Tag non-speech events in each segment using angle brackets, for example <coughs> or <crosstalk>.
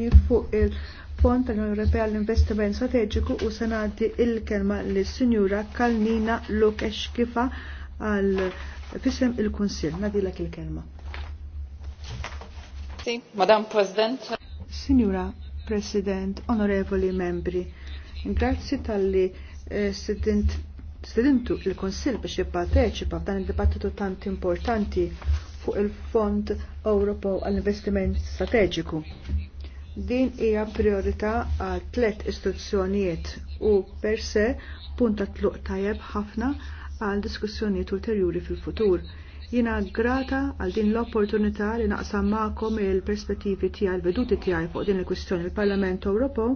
opinjoni fuq il-Fond tal-Unjoni Ewropea l-Investiment Strateġiku u sanati il-kelma l-Sinjura Kalnina Lukesh kifa għal fisem il konsil Nadilek il-kelma. Si, Madam President. Sinjura President, onorevoli membri, grazzi tal-li eh, Stedintu il-Konsil biex jipparteċipa f'dan il-dibattitu tant importanti fuq il-Fond Ewropew għall-Investiment Strateġiku. Din hija priorità għal tliet istituzzjonijiet u per se punta tluq tajjeb ħafna għal diskussjonijiet ulterjuri fil-futur. Jina grata għal din l-opportunità li naqsam ma'kom il-perspettivi tiegħi l-veduti tiegħi fuq din il-kwistjoni il-Parlament Ewropew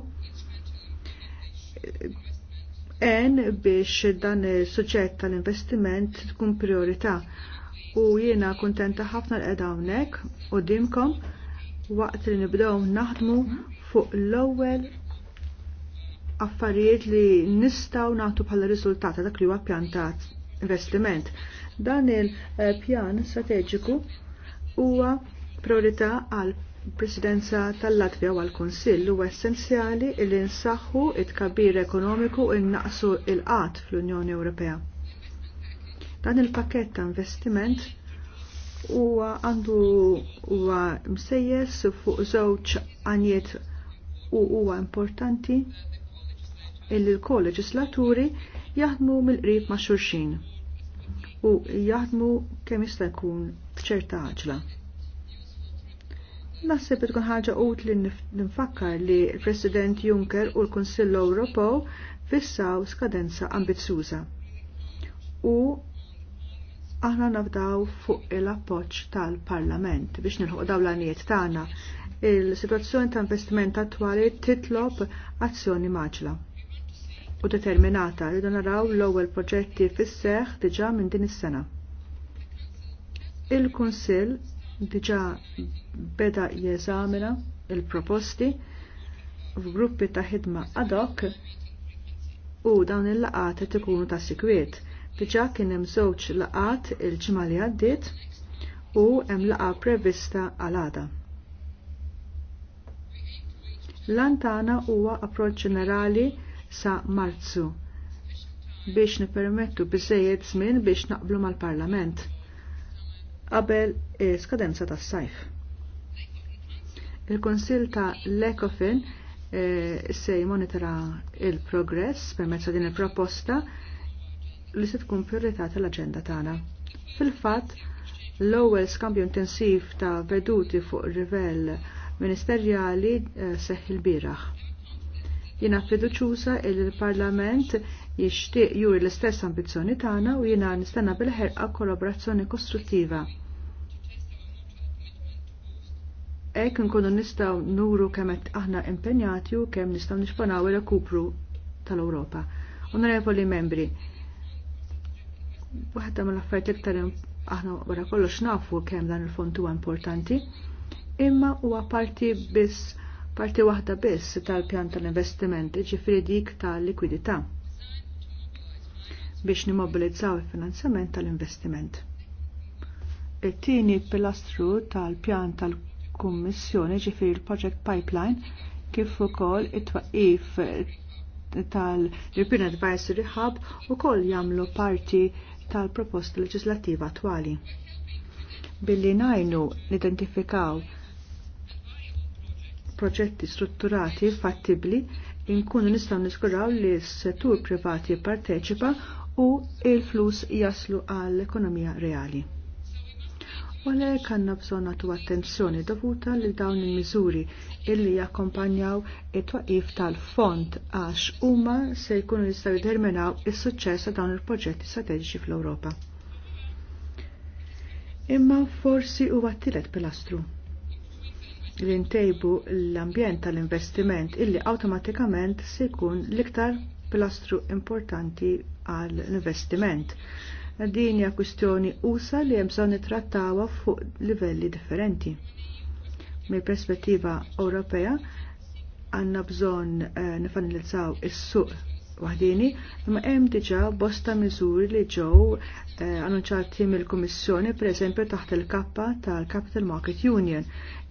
en biex dan il-suġġett tal-investiment tkun priorità u jiena kuntenta ħafna l-qed hawnhekk u dimkom waqt li nibdew naħdmu fuq l-ewwel affarijiet li nistgħu nagħtu bħala riżultat dak li huwa pjantat investiment. Dan il-pjan strateġiku huwa priorità għal presidenza tal-Latvja u għal-Konsill huwa essenzjali li nsaħħu it-kabir ekonomiku u naqsu il-qat fl-Unjoni Ewropea. Dan il-pakket ta' investiment u għandu huwa msejjes fuq żewġ għaniet u huwa importanti illi l-kolleġislaturi jaħdmu mill-qrib ma' xurxin u jaħdmu kemm jista' jkun b'ċerta għaġla. Naħseb tkun ħaġa utli nfakkar li l-President Juncker u l-Kunsill Ewropew fissaw skadenza ambizzuża u aħna nabdaw fuq il-appoġġ tal-Parlament biex nilħuq dawlanijiet tagħna. Il-sitwazzjoni ta' investiment attwali titlob azzjoni maġla u determinata li naraw l-ewwel proġetti fis-seħħ diġà minn din is-sena. Il-Kunsill diġà beda jeżamina il-proposti f'gruppi ta' ħidma ad hoc u dawn il-laqat qed ikunu ta' sikwiet Diġa kien hemm żewġ laqat il-ġimgħa li għaddiet u hemm laqa prevista għal għada. tagħna huwa approċċ ġenerali sa Marzu biex nipermettu biżejjed żmien biex naqblu mal-Parlament qabel skadenza tas-sajf. Il-Konsil ta' l-Ecofin e, se jmonitora il-progress permezza din il-proposta li se tkun priorità tal-aġenda tagħna. Fil-fatt, l-ewwel skambju intensiv ta' veduti fuq rivell ministerjali eh, seħħ il-bieraħ. Jiena fiduċuża il l-Parlament jixtieq juri l-istess ambizzjoni tagħna u jiena nistenna bil-ħerqa kollaborazzjoni kostruttiva. Ek nkunu nistaw nuru qed aħna impenjati u kemm nistaw nixpanaw ir rekupru tal-Ewropa. Onorevoli membri, waħda mal affarijiet iktar aħna wara kollox nafu kemm dan il-fond huwa importanti, imma huwa parti biss parti waħda biss tal-pjan tal-investimenti ġifri dik tal-likwidità biex nimmobilizzaw il-finanzjament tal-investiment. It-tieni pilastru tal-pjan tal-Kummissjoni ġifri il-Project Pipeline kif ukoll it-twaqif tal-European Advisory Hub ukoll jagħmlu parti tal-proposta leġislattiva attwali. Billi najnu nidentifikaw proġetti strutturati fattibli inkunu nistgħu niskuraw li s-settur privati jipparteċipa u il-flus jaslu għall-ekonomija reali. Wale kanna għandna bżonn nagħtu attenzjoni dovuta lil dawn il-miżuri illi jakkompanjaw it-twaqif tal-fond għax huma se jkunu jistgħu jiddeterminaw is-suċċess ta' dawn il-proġetti strateġiċi fl-Ewropa. Imma forsi huwa t-tielet pilastru li ntejbu l-ambjent tal-investiment illi awtomatikament se jkun l-iktar pilastru importanti għall-investiment. Din hija kwistjoni usa li hemm bżonn fuq livelli differenti. Mill-perspettiva Ewropea għandna bżonn eh, nifanilizzaw is-suq waħdini, imma hemm diġà bosta miżuri li ġew eh, annunċati mill-Kummissjoni pereżempju taħt il-kappa tal-Capital Market Union.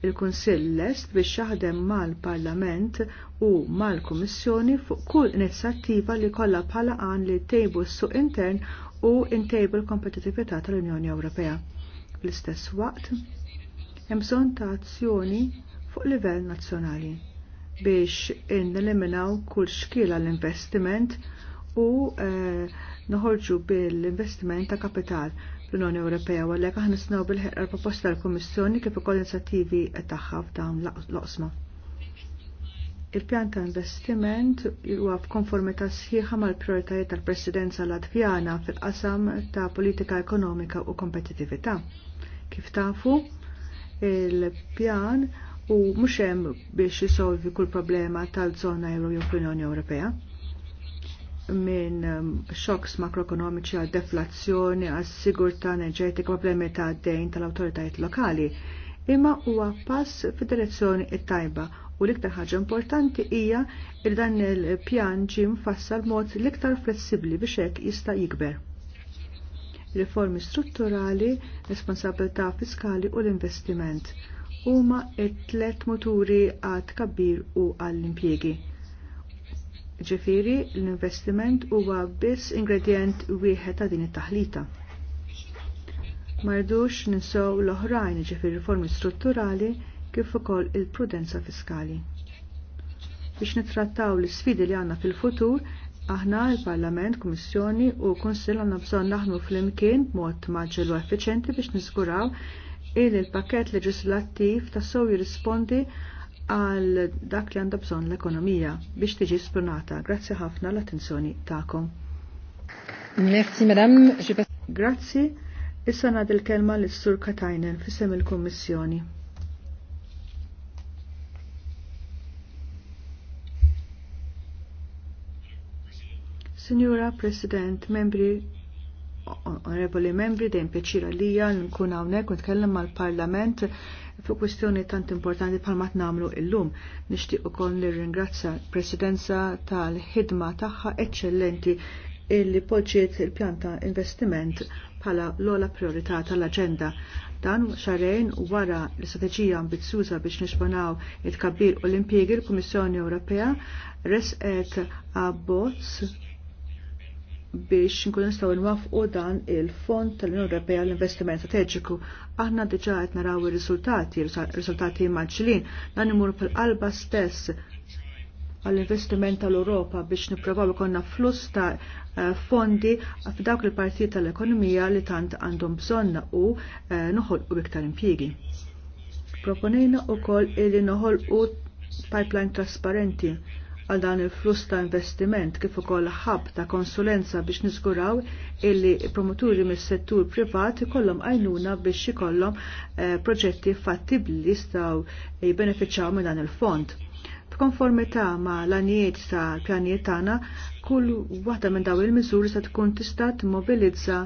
Il-Kunsill lest biex jaħdem mal-Parlament u mal-Kummissjoni fuq kull inizjattiva li kollha bħala għan li tejbu s-suq intern u intejbu l-kompetitività tal-Unjoni Ewropea. fl istess waqt, hemm bżonn ta' azzjoni fuq livell nazzjonali biex inneliminaw kull xkiela l-investiment u eh, noħorġu bil-investiment ta' kapital l-Unjoni Ewropea għalhekk aħna nisnaw bil-ħerqa proposta tal-Kummissjoni kif ukoll inizjattivi tagħha f'dawn l-oqsma. Il-pjan ta' investiment huwa f'konformità sħiħa mal-prioritajiet tal-Presidenza Latvjana fil-qasam ta' politika ekonomika u kompetitività. Kif tafu, il-pjan u mhux hemm biex jisolvi kull problema tal-żona Euro jew fl unjoni Ewropea minn um, xoks makroekonomiċi għal deflazzjoni għas sigurtà enerġetika problemi ta' dejn tal-awtoritajiet lokali imma huwa pass fid-direzzjoni it-tajba u l-iktar ħaġa importanti hija il dan il-pjan ġie mfassal mod l-iktar flessibbli biex hekk jista' jikber. Riformi strutturali, responsabilità fiskali u l-investiment huma t-tlet moturi għad kabbir u għall-impjegi. Ġifiri, l-investiment huwa biss ingredient wieħed ta' din it-taħlita. Mardux ninsew l-oħrajn ġifir riformi strutturali kif ukoll il-prudenza fiskali. Biex nitrattaw l isfidi li għanna fil-futur, aħna il-Parlament, Kummissjoni u Kunsill għandna bżonn naħnu fl-imkien mod maġġel u effiċenti biex niżguraw il il-pakket leġislattiv tassew jirrispondi għal dak li għandha bżonn l-ekonomija biex tiġi spronata. Grazzi ħafna l-attenzjoni tagħkom. Merci, madame. Grazie. Issa nad il-kelma l-Sur Katajnen fissem il-Kommissjoni. Signora President, membri onorevoli membri, dejjem pjaċira lija nkun hawnhekk u nitkellem mal-Parlament fuq kwestjoni tant importanti bħal ma tnamlu illum. Nixtieq ukoll nirringrazzja l-Presidenza tal-ħidma tagħha eċċellenti illi poġġiet il-pjanta investiment bħala l-ola priorità tal-agenda. Dan xarejn wara l-istrateġija ambizjuża biex nisbanaw it kabir u l-impjegi l-Kummissjoni Ewropea resqet abbozz biex nkun nistgħu nwafqu dan il-Fond tal-Unjoni Ewropea l-Investiment Strateġiku. Aħna diġà qed naraw ir-riżultati, riżultati maġġlin, dan imur fil-qalba stess għall-investiment tal-Europa biex nipprovaw konna fluss ta' eh, fondi f'dawk il-partijiet tal-ekonomija li tant għandhom bżonna u eh, u iktar impjiegi. Proponejna wkoll li noħolqu pipeline trasparenti għal dan il-fluss ta' investiment kif ukoll ħab ta' konsulenza biex niżguraw illi promoturi mis-settur privat ikollhom għajnuna biex ikollhom eh, proġetti fattibli jistgħu jibbenefiċċaw minn dan il-fond F'konformità ma l-anijiet sa' pjanijiet tagħna, kull waħda minn daw il-miżuri se tkun tista' timmobilizza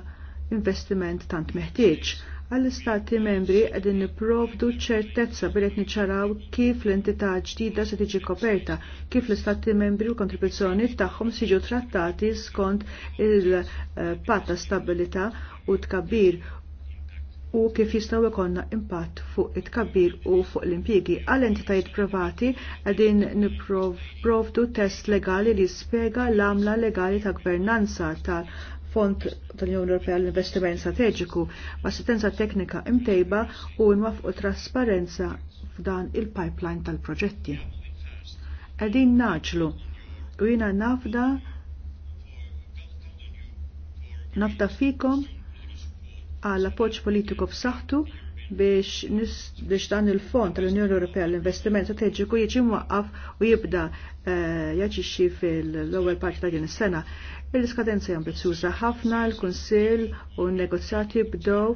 investiment tant meħtieġ. Għall-istati membri qegħdin nipprovdu ċertezza billet niċċaraw kif l-entità ġdida se tiġi koperta, kif l-istati membri u kontribuzzjoni tagħhom siġu trattati skont il-patta stabilità u tkabbir u kif jistaw ikonna impatt fuq it-kabbir u fuq l impjiegi Għal entitajiet privati għadin niprovdu test legali li spiega l-amla legali ta' gvernanza tal fond tal-Unjoni Ewropea l-Investiment Strateġiku b'assistenza teknika imtejba u nwafqu trasparenza f'dan il-pipeline tal-proġetti. Qegħdin naġlu u jiena nafda nafda fikom għal appoġġ politiku b'saħħtu biex, biex dan il-fond tal-Unjoni Ewropea l-investiment strateġiku jiġi mwaqqaf u jibda eh, jaġixxi fil-ewwel parti ta' din is-sena. Il-iskadenza hija ambizjuża ħafna, l-Kunsill u n-negozjati bdew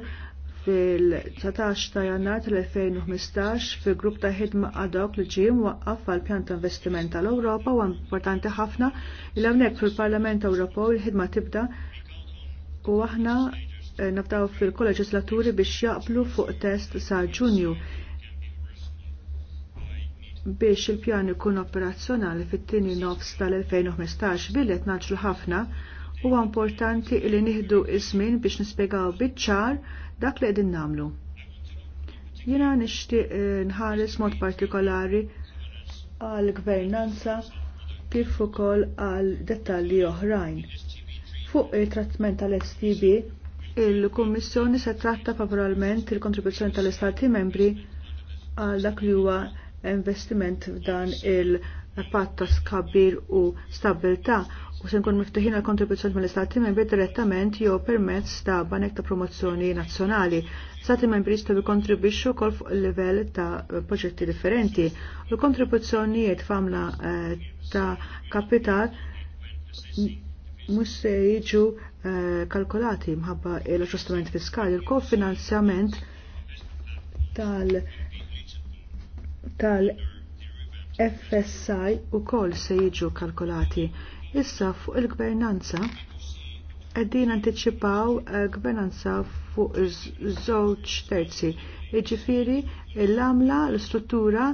fil-19 ta' jannar tal-2015 fil grupp ta' ħidma hoc li ġie mwaqqaf għall pjan ta' investiment tal-Ewropa u importanti ħafna il hawnhekk fil-Parlament Ewropew il-ħidma tibda u aħna Eh, naftaw fil-kolleġislaturi biex jaqblu fuq test sa' ġunju biex il-pjan ikun operazzjonali fit-tieni nofs tal-2015 billet naġlu ħafna huwa importanti li nieħdu iż-żmien biex nispjegaw biċ-ċar dak li qegħdin nagħmlu. Jiena nixtieq eh, nħares mod partikolari għal gvernanza kif ukoll għal dettalji oħrajn. Fuq it-trattament tal-STB Il-Kummissjoni se tratta favoralment il-kontribuzzjoni tal-Istati membri għal dak li huwa investiment f'dan il-patt ta' skabbir u stabilta' u se nkun miftuħin għal kontribuzzjoni mill-Istati membri direttament jew permezz ta' banek ta' promozzjoni nazzjonali. Stati membri jistgħu jikkontribwixxu wkoll fuq livell ta' proġetti differenti. U l-kontribuzzjonijiet famla eh, ta' kapital mhux se jiġu eh, kalkolati mħabba l-aġġustament fiskali, l kofinanzjament tal- tal-FSI u kol se jiġu kalkolati. Issa fuq il-gvernanza għeddin anticipaw eh, gvernanza fuq iż-żewġ terzi. Iġifiri, l-għamla, l-struttura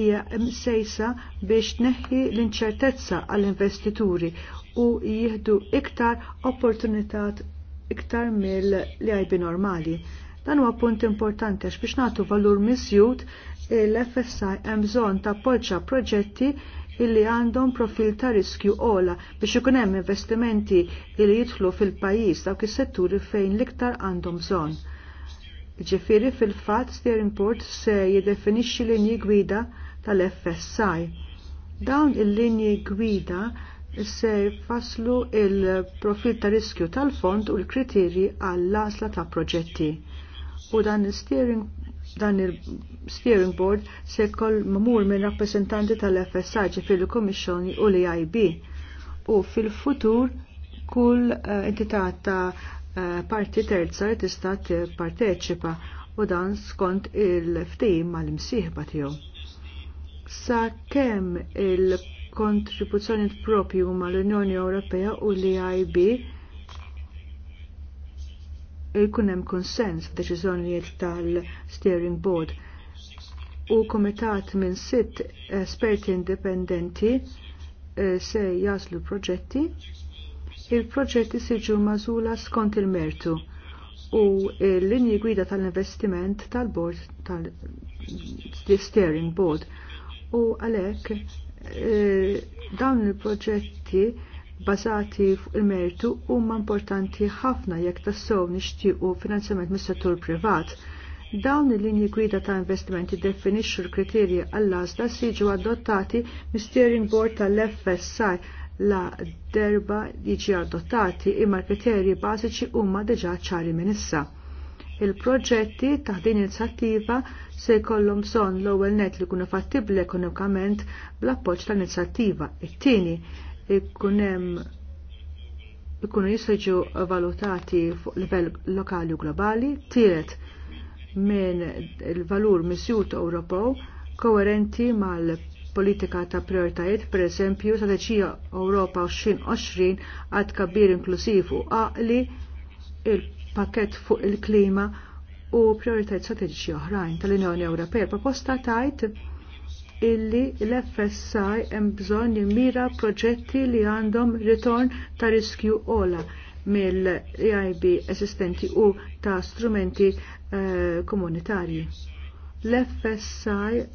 hija msejsa biex tneħħi l-inċertezza għall-investituri u jieħdu iktar opportunitat iktar mill-li normali. Dan huwa punt importanti għax biex nagħtu valur miżjud l-FSI hemm bżonn tappoġġa proġetti illi għandhom profil ta' riskju ola biex ikun hemm investimenti illi jidħlu fil-pajjiż dawk is-setturi fejn l-iktar għandhom bżonn. Ġifieri fil-fatt Steering Board se jiddefinixxi linji gwida tal-FSI. Dawn il-linji gwida se jfasslu il-profil ta' riskju tal-fond u l-kriterji għall-lasla ta' proġetti. U dan il-steering dan il-steering board se koll mamur minn rappresentanti tal-FSA fil-Komissjoni u l-IB u fil-futur kull eh, entità ta' eh, parti terza li tista' tipparteċipa u dan skont il ftim mal-imsieħba tiegħu. Sa kemm il- kontribuzzjoni propju huma l-Unjoni Ewropea u l IB jkun hemm konsens f'deċiżjonijiet tal-Steering Board u komitat minn sitt esperti indipendenti eh, se jaslu proġetti il-proġetti siġu mażula skont il-mertu u l-linji gwida tal-investiment tal-bord tal-steering board u għalek Eh, dawn il-proġetti bazati fuq il-mertu huma importanti ħafna jekk tassew nixtiequ finanzjament mis-settur privat. Dawn il-linji gwida ta' investimenti definixxu l-kriterji għall-għażla siġu adottati mis-steering board tal-FSI la derba jiġi adottati imma l-kriterji bażiċi huma diġà ċari minn issa il-proġetti ta' din inizjattiva se jkollhom bżonn l-ewwel net li jkunu fattibbli ekonomikament bl-appoġġ tal-inizjattiva. It-tieni ikun hemm ikunu jistgħu valutati fuq livell lokali u globali. Tielet minn il-valur misjut Ewropew koerenti mal politika ta' prioritajiet, per eżempju, strateġija Ewropa 2020 għad kabbir inklusiv u għaqli il pakket fuq il-klima u prioritajt strategiċi oħrajn tal-Unjoni Ewropea. Proposta tajt illi l-FSI hemm bżonn jimmira proġetti li għandhom ritorn ta' riskju ola mill-EIB esistenti u ta' strumenti eh, komunitarji. L-FSI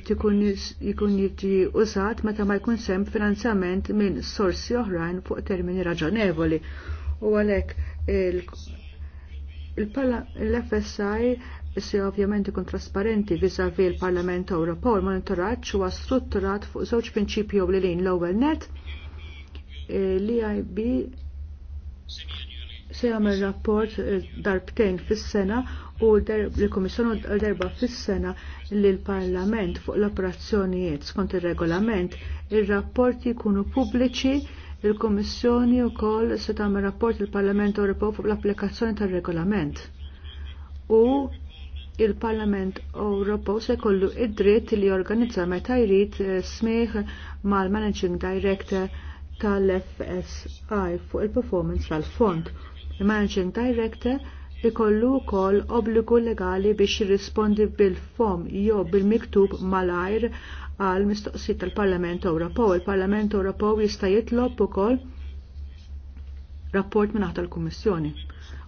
jikun jiġi użat meta ma jkun sem finanzjament minn sorsi oħrajn fuq termini raġonevoli u għalhekk l-FSI se ovvjament ikun trasparenti vis-à-vis il parlament Ewropew il-monitoraġġ strutturat fuq żewġ prinċipji u l-ewwel net eh, l-IB e se jagħmel rapport eh, darbtejn fis-sena u l kummissjon darba fis-sena li l-Parlament fuq l-operazzjonijiet skont ir-regolament ir-rapporti jkunu pubbliċi Il-Kommissjoni wkoll se tagħmel rapport il-Parlament Ewropew fuq l-applikazzjoni tar-regolament. U il-Parlament Ewropew se jkollu id-dritt li jorganizza meta jrid eh, smih mal-Managing Director tal-FSI fuq il-performance tal-fond. Il-Managing Director ikollu wkoll obbligu legali biex jirrispondi bil-fom jew bil-miktub malajr għal mistoqsijiet tal-Parlament Ewropew. Il-Parlament Ewropew jista' jitlob ukoll rapport minn tal-Kummissjoni.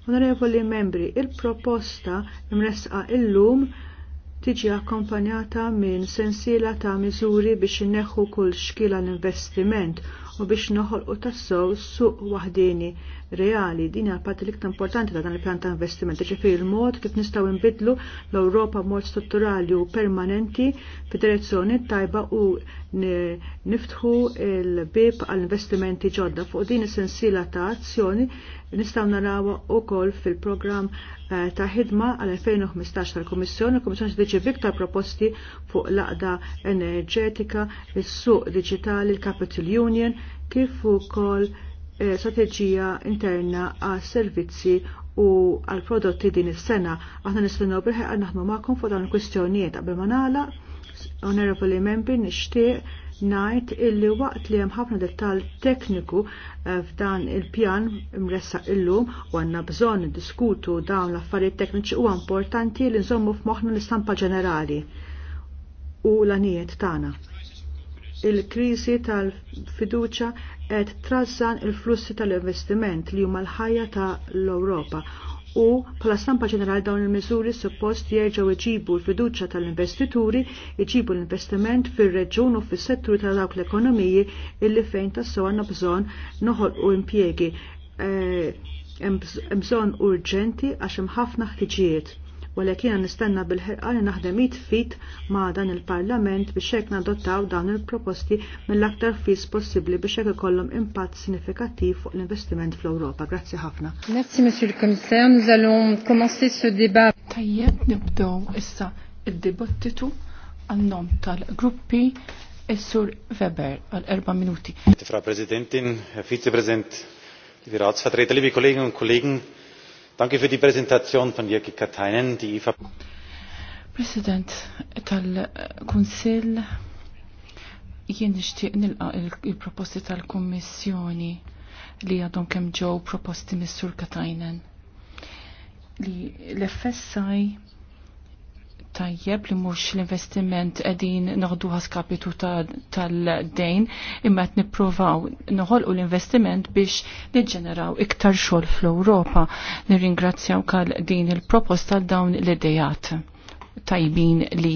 Onorevoli membri, il-proposta imresqa illum tiġi akkompanjata minn sensiela ta' miżuri biex inneħħu kull xkila l-investiment u biex noħolqu tassew suq waħdini reali. Din hija parti l-iktar importanti ta' dan il-pjan ta' investimenti. ġifieri il-mod kif nistgħu nbidlu l-Ewropa mod strutturali u permanenti f'direzzjoni tajba u niftħu l-bib għall-investimenti ġodda. Fuq din is-sensiela ta' azzjoni nistgħu narawha wkoll fil-programm eh, ta' ħidma għal-2015 tal-Komissjoni, il-Komissjoni diġi viktar proposti fuq laqda enerġetika, il-suq digitali, il-Capital Union, kif ukoll Eh, strateġija interna għas servizzi u għal prodotti din is-sena. Aħna nistennew bilħeq naħdmu magħkom fuq dawn il-kwistjonijiet qabel ma nagħla. Honorable Membri nixtieq ngħid illi waqt li hemm ħafna dettall tekniku eh, f'dan il-pjan imressaq illum u għandna bżonn diskutu dawn l-affarijiet tekniċi huwa importanti li nżommu f'moħħna l-istampa ġenerali u l-anijiet tagħna il-kriżi tal-fiduċa qed trażżan il-flussi tal-investiment li huma l-ħajja tal-Ewropa u bħala stampa ġenerali dawn il-miżuri suppost jerġgħu jġibu l-fiduċja tal-investituri, jġibu l-investiment fir-reġun u fis-setturi ta' dawk l-ekonomiji illi fejn tassew għandna bżonn noħolqu impjiegi. Eh, hemm bżonn urġenti għax hemm ħafna ħtiġijiet Walek jiena nistenna bil-ħerqa li naħdem fit ma' dan il-Parlament biex hekk nadottaw dan il-proposti mill-aktar fis possibbli biex hekk ikollhom impatt sinifikattiv fuq l-investiment fl-Ewropa. Grazzi ħafna. Merci Monsieur le Commissaire, nous allons commencer ce débat. Tajjeb nibdew issa id-dibattitu għannom tal-gruppi is Weber għal erba minuti. Fra Presidentin, liebe Kolleginnen und Kollegen, Danke für die Präsentation von Jörg Katainen, die IFA. President tal-Kunsill, jien nixtieq nilqa il-proposti tal-Kummissjoni li għadhom kemm ġew proposti Mr. sur Katajnen li l-FSI tajjeb li mhux l-investiment qegħdin noħdu skapitu tal-dejn imma qed nippruvaw noħolqu l-investiment biex niġġeneraw iktar xogħol fl-Ewropa. Nirringrazzjaw kal din il-proposta dawn l-idejat tajbin li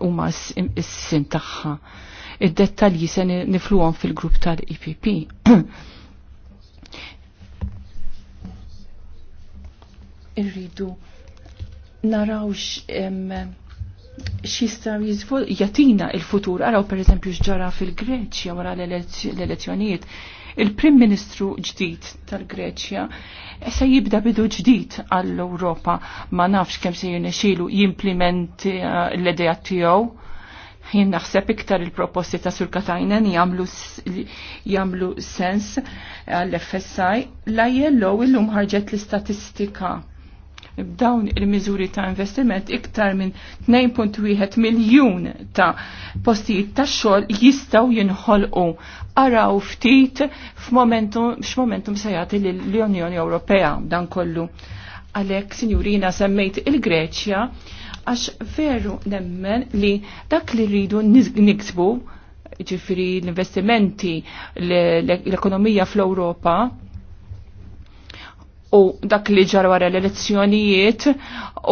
huma s-sin tagħha. Id-dettalji se nifluhom fil-grupp tal-IPP. <coughs> Irridu narawx xista jatina il-futur. Araw per eżempju xġara fil-Greċja wara l-elezzjonijiet. Il-Prim Ministru ġdid tal-Greċja se jibda bidu ġdid għall-Europa ma nafx kemm se jirnexilu jimplementi eh, l edja tiegħu. Jien naħseb iktar il-proposti ta' Sur Katajnen jagħmlu sens għall-FSI la jellow illum ħarġet l-istatistika b'dawn il-miżuri ta' investiment iktar minn 2.1 miljun ta' postijiet ta' xogħol jistgħu jinħolqu. Araw ftit f'momentum se jagħti l-Unjoni Ewropea dan kollu. Għalhekk, sinjurina, semmejt il-Greċja għax veru nemmen li dak li rridu niksbu ġifiri l-investimenti l-ekonomija fl-Europa u dak li ġar wara l-elezzjonijiet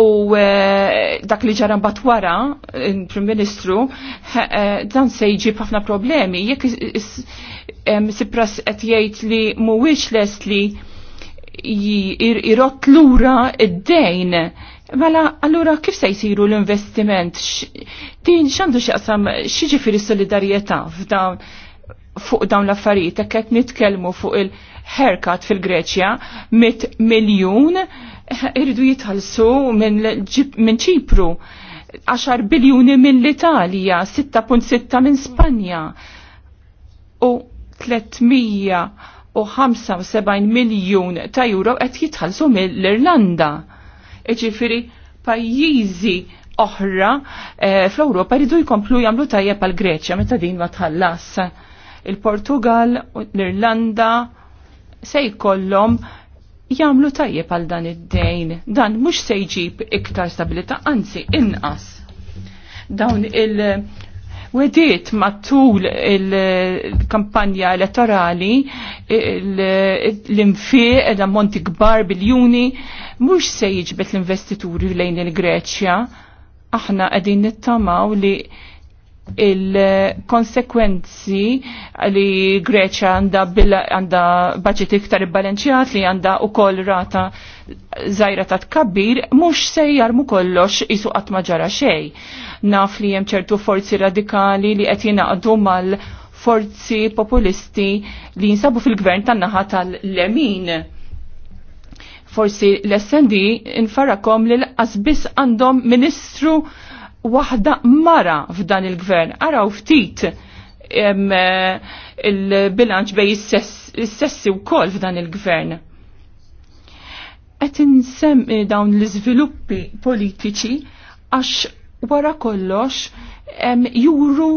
u e, dak li ġar mbagħad wara il-Prim e, Ministru e, dan se jġib ħafna problemi jekk Sipras qed jgħid li mhuwiex lest li jirot lura id-dejn Mela, allura kif se jsiru l-investiment? Din xandu xaqsam xieġi solidarjetà solidarieta fuq dawn l-affarijiet, qed nitkellmu fuq il- herkat fil-Greċja mit miljun irridu jitħallsu minn ċipru 10 biljuni mill-Italja, 6.6 minn Spanja u 375 miljun ta' euro qed jitħallsu mill-Irlanda. Iġifiri pajjiżi oħra eh, fl-Ewropa jridu jkomplu jagħmlu tajjeb għal Greċja meta din ma tħallas. Il-Portugal, l-Irlanda, se jkollhom jagħmlu tajjeb għal dan id-dejn. Dan mhux se jġib iktar stabilità, anzi inqas. Dawn il- Wediet matul il-kampanja elettorali l-infiq ed ammonti kbar biljuni mhux se jiġbet l-investituri lejn il-Greċja. Aħna qegħdin nittamaw li il-konsekwenzi li Greċja għanda budget iktar ibbalanċjat li għanda u koll rata zaħira ta' tkabbir, mux sejjar mu kollox jisu għatma ġara xej. Naf li jem ċertu forzi radikali li għet jinaqdu mal forzi populisti li jinsabu fil-gvern tan-naħa tal-lemin forsi l-SND infarakom li l-qasbis għandhom ministru waħda mara f'dan il-gvern. Araw ftit eh, il-bilanċ bej s sessi wkoll f'dan il-gvern. Qed insemmi eh, dawn l-iżviluppi politiċi għax wara kollox juru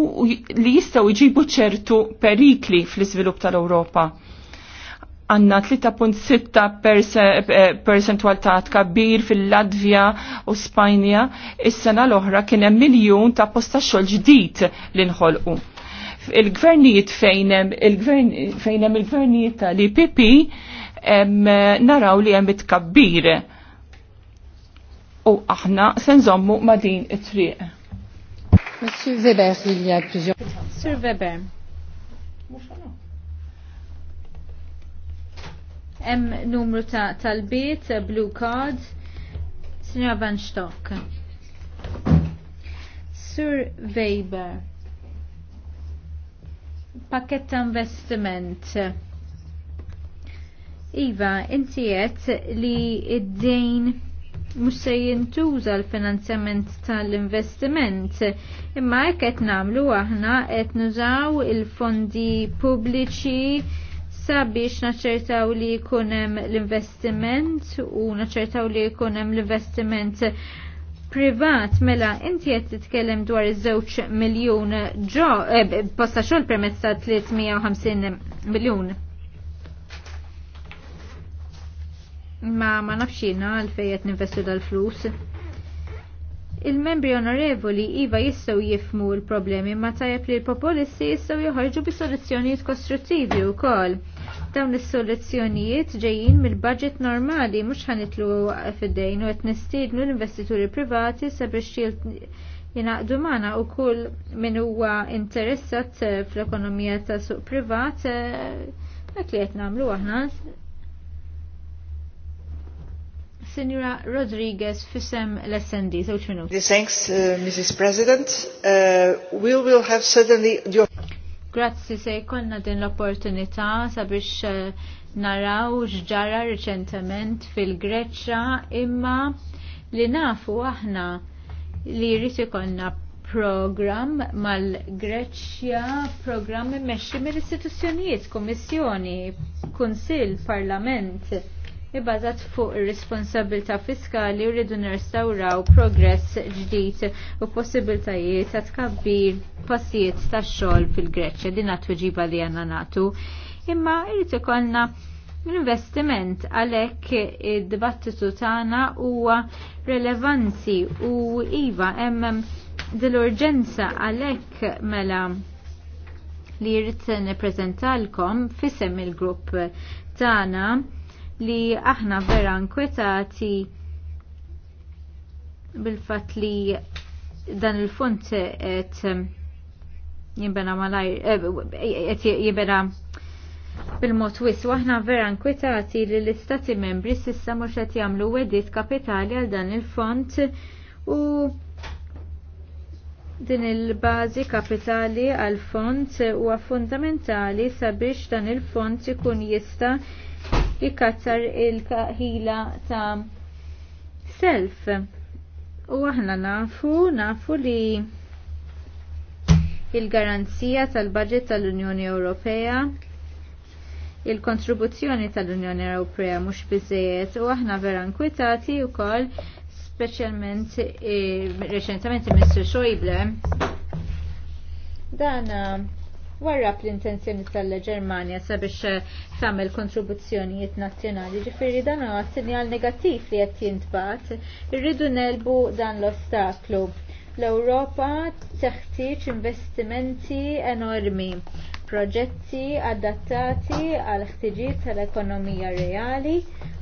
li jistgħu jġibu ċertu perikli fl-iżvilupp tal-Ewropa għanna 3.6 percentual ta' tkabbir fil-Latvja u Spajnja, is-sena l-oħra kien hemm miljun ta' posta xogħol ġdid li nħolqu. Il-gvernijiet hemm il-gvernijiet tal-IPP naraw li hemm it-tkabbir. U aħna se nżommu ma' din it-triq. Monsieur Weber, il y a plusieurs. Monsieur Weber. Hemm numru ta' tal tal-bit blue card. Signora Van Stock. Sir Weber. Pakket ta' investiment. Iva, inti qed li id-dejn mhux se jintuża l-finanzjament tal-investiment, imma hekk qed nagħmlu aħna qed nużaw il-fondi pubbliċi sabiex naċċertaw li jkun hemm l-investiment u naċċertaw li jkun hemm l-investiment privat mela inti qed titkellem dwar iż-żewġ miljun ġo eh, posta xogħol permezz ta' 350 miljun. Ma ma nafxina għalfejn qed ninvestu dal-flus il-membri onorevoli iva jistgħu jifmu l-problemi ma tajab li l-popolisti jistgħu joħorġu bi soluzzjonijiet kostruttivi wkoll. Dawn is-soluzzjonijiet ġejjin mill-budget normali mhux ħanitlu fidejn u qed nistiednu l-investituri privati sabiex jinaqdu magħna u kull min huwa interessat fl-ekonomija ta' suq privat eh, dak li qed nagħmlu aħna Signora Rodriguez, fisem l-SND, you know. Thanks, uh, Mrs. President. Uh, we will have certainly... Your... Grazzi se jkollna din l-opportunità sabiex uh, naraw x'ġara riċentement fil-Greċċa imma li nafu aħna li jrid ikollna program mal-Greċja, program imexxi mill-istituzzjonijiet, Kummissjoni, Kunsill, Parlament ibbażat fuq ir-responsabilità fiskali u rridu nirstawraw progress ġdid u possibiltajiet ta' tkabbir postijiet tax-xogħol fil-Greċja din tweġiba li għandna nagħtu. Imma irrid ikollna investiment għalhekk id-dibattitu tagħna huwa relevanti u iva hemm dil-urġenza għalhekk mela li jrid nippreżentalkom fisem il-grupp tagħna li aħna vera nkwetati bil-fat li dan il-font et jimbena malajr, et jimbena bil-mod wis waħna vera nkwitati li l-istati membri sissa mhux qed jagħmlu wedit kapitali għal dan il-fond u din il-bażi kapitali għal fond huwa fundamentali sabiex dan il-fond ikun jista' jikkazzar il kaħila ta' self. U aħna nafu, nafu li il-garanzija tal-budget tal-Unjoni Ewropea il-kontribuzzjoni tal-Unjoni Ewropea mhux biżejjed u aħna vera nkwitati wkoll speċjalment eh, reċentament Mr. Schäuble dan warra l-intenzjoni tal-Ġermanja sabiex eh, tagħmel kontribuzzjonijiet nazzjonali. Ġifieri dan huwa sinjal negattiv li qed jintbagħat. Irridu nelbu dan l-ostaklu. L-Ewropa teħtieġ investimenti enormi proġetti adattati għal ħtiġijiet tal-ekonomija reali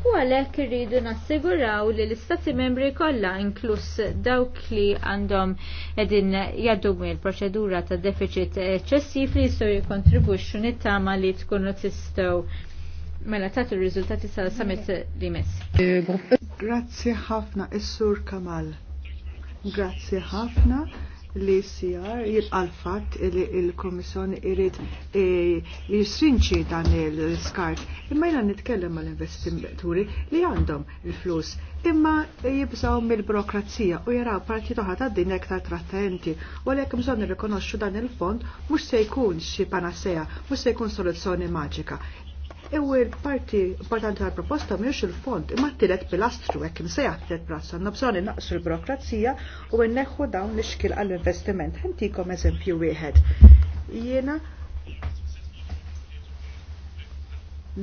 u għalhekk irridu nassiguraw li l-istati membri kollha inkluż dawk li għandhom qegħdin jgħaddu il-proċedura ta' deficit eċċessiv li jistgħu jikkontribwixxu nittama li tkunu tistgħu mela tagħtu r-riżultati sa' summit li mess. Grazzi ħafna is-Sur Kamal. Grazzi ħafna li s jibqa l li l-Komissjoni irrid e, jisrinċi dan il-skart. Imma jina nitkellem mal investituri li għandhom il-flus imma jibżaw mill-burokrazija u jaraw parti toħa ta' din iktar trattenti u għalhekk bżonn irrikonoxxu dan il-fond mhux se jkun xi panasea, mhux se jkun soluzzjoni maġika. Ewwel parti importanti tal-proposta mhux il-fond imma t-tielet pilastru hekk imsejjaħ t-tielet pilastru għandna bżonn innaqsu l-burokrazija u nneħħu dawn l-ixkil għall-investiment. Ħantikom eżempju wieħed. Jiena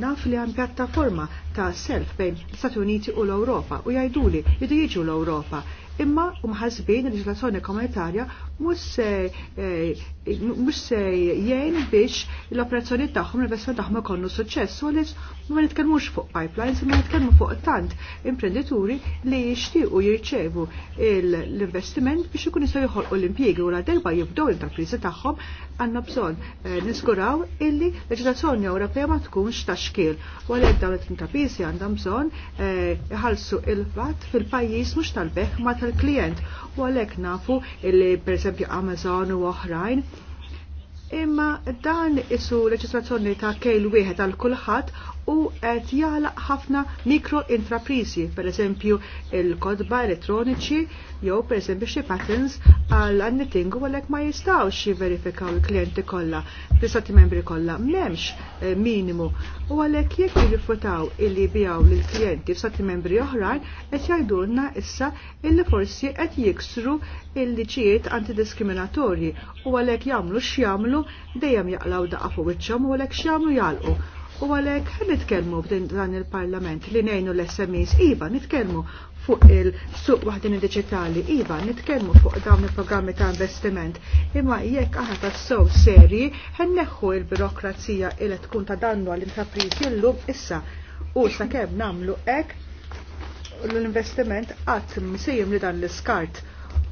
naf li għan pjattaforma ta' self bejn l-Stati Uniti u l-Europa u jajduli jidu jiġu l-Europa imma umħazbin il ġilazzjoni komunitarja Eh, mhux se jgħin biex l-operazzjoni tagħhom l-investment konnu suċess. suċċess għalis, ma nitkellmux fuq pipelines ma nitkellmu fuq tant imprenditori li jixtiequ jirċevu l-investiment biex ikun jistgħu joħolqu l-impjiegi u l għadelba jibdew l-intrapriżi tagħhom għandna bżonn eh, niskuraw illi leġislazzjoni Ewropea ma tkunx ta' u għalhekk dawn l-intrapriżi għandhom bżonn jħalsu eh, il fat fil-pajjiż mhux tal-beħ ma tal-klijent u għalhekk nafu illi pereżempju Amazon u oħrajn imma dan isu leġislazzjoni ta' kejl wieħed għal kulħadd u qed jagħlaq ħafna mikro-intraprisi, per eżempju il-kodba elettroniċi jew per eżempju xi patterns għal annitingu għalhekk ma jistgħux jiverifikaw il-klijenti kollha, l membri kollha m'hemmx eh, minimu u għalhekk jekk jirrifutaw illi bijaw lill-klijenti f'stati membri oħrajn qed jgħidulna issa illi forsi qed jiksru il-liċijiet antidiskriminatorji u għalhekk jagħmlu x'jagħmlu dejjem jaqlaw daqqa fuq wiċċhom u għalhekk x'jagħmlu jagħlqu U għalek ħan nitkelmu dan il-parlament li nejnu l sms iva nitkelmu fuq il-suq waħdin digitali, iva nitkelmu fuq dawn il-programmi ta' investiment, imma jekk aħna ta' sow serji, ħenneħu il-birokrazija il tkun ta' dannu għall-intrapriż jillu issa u sa' kem namlu ek l-investiment għat msejjem li dan l-skart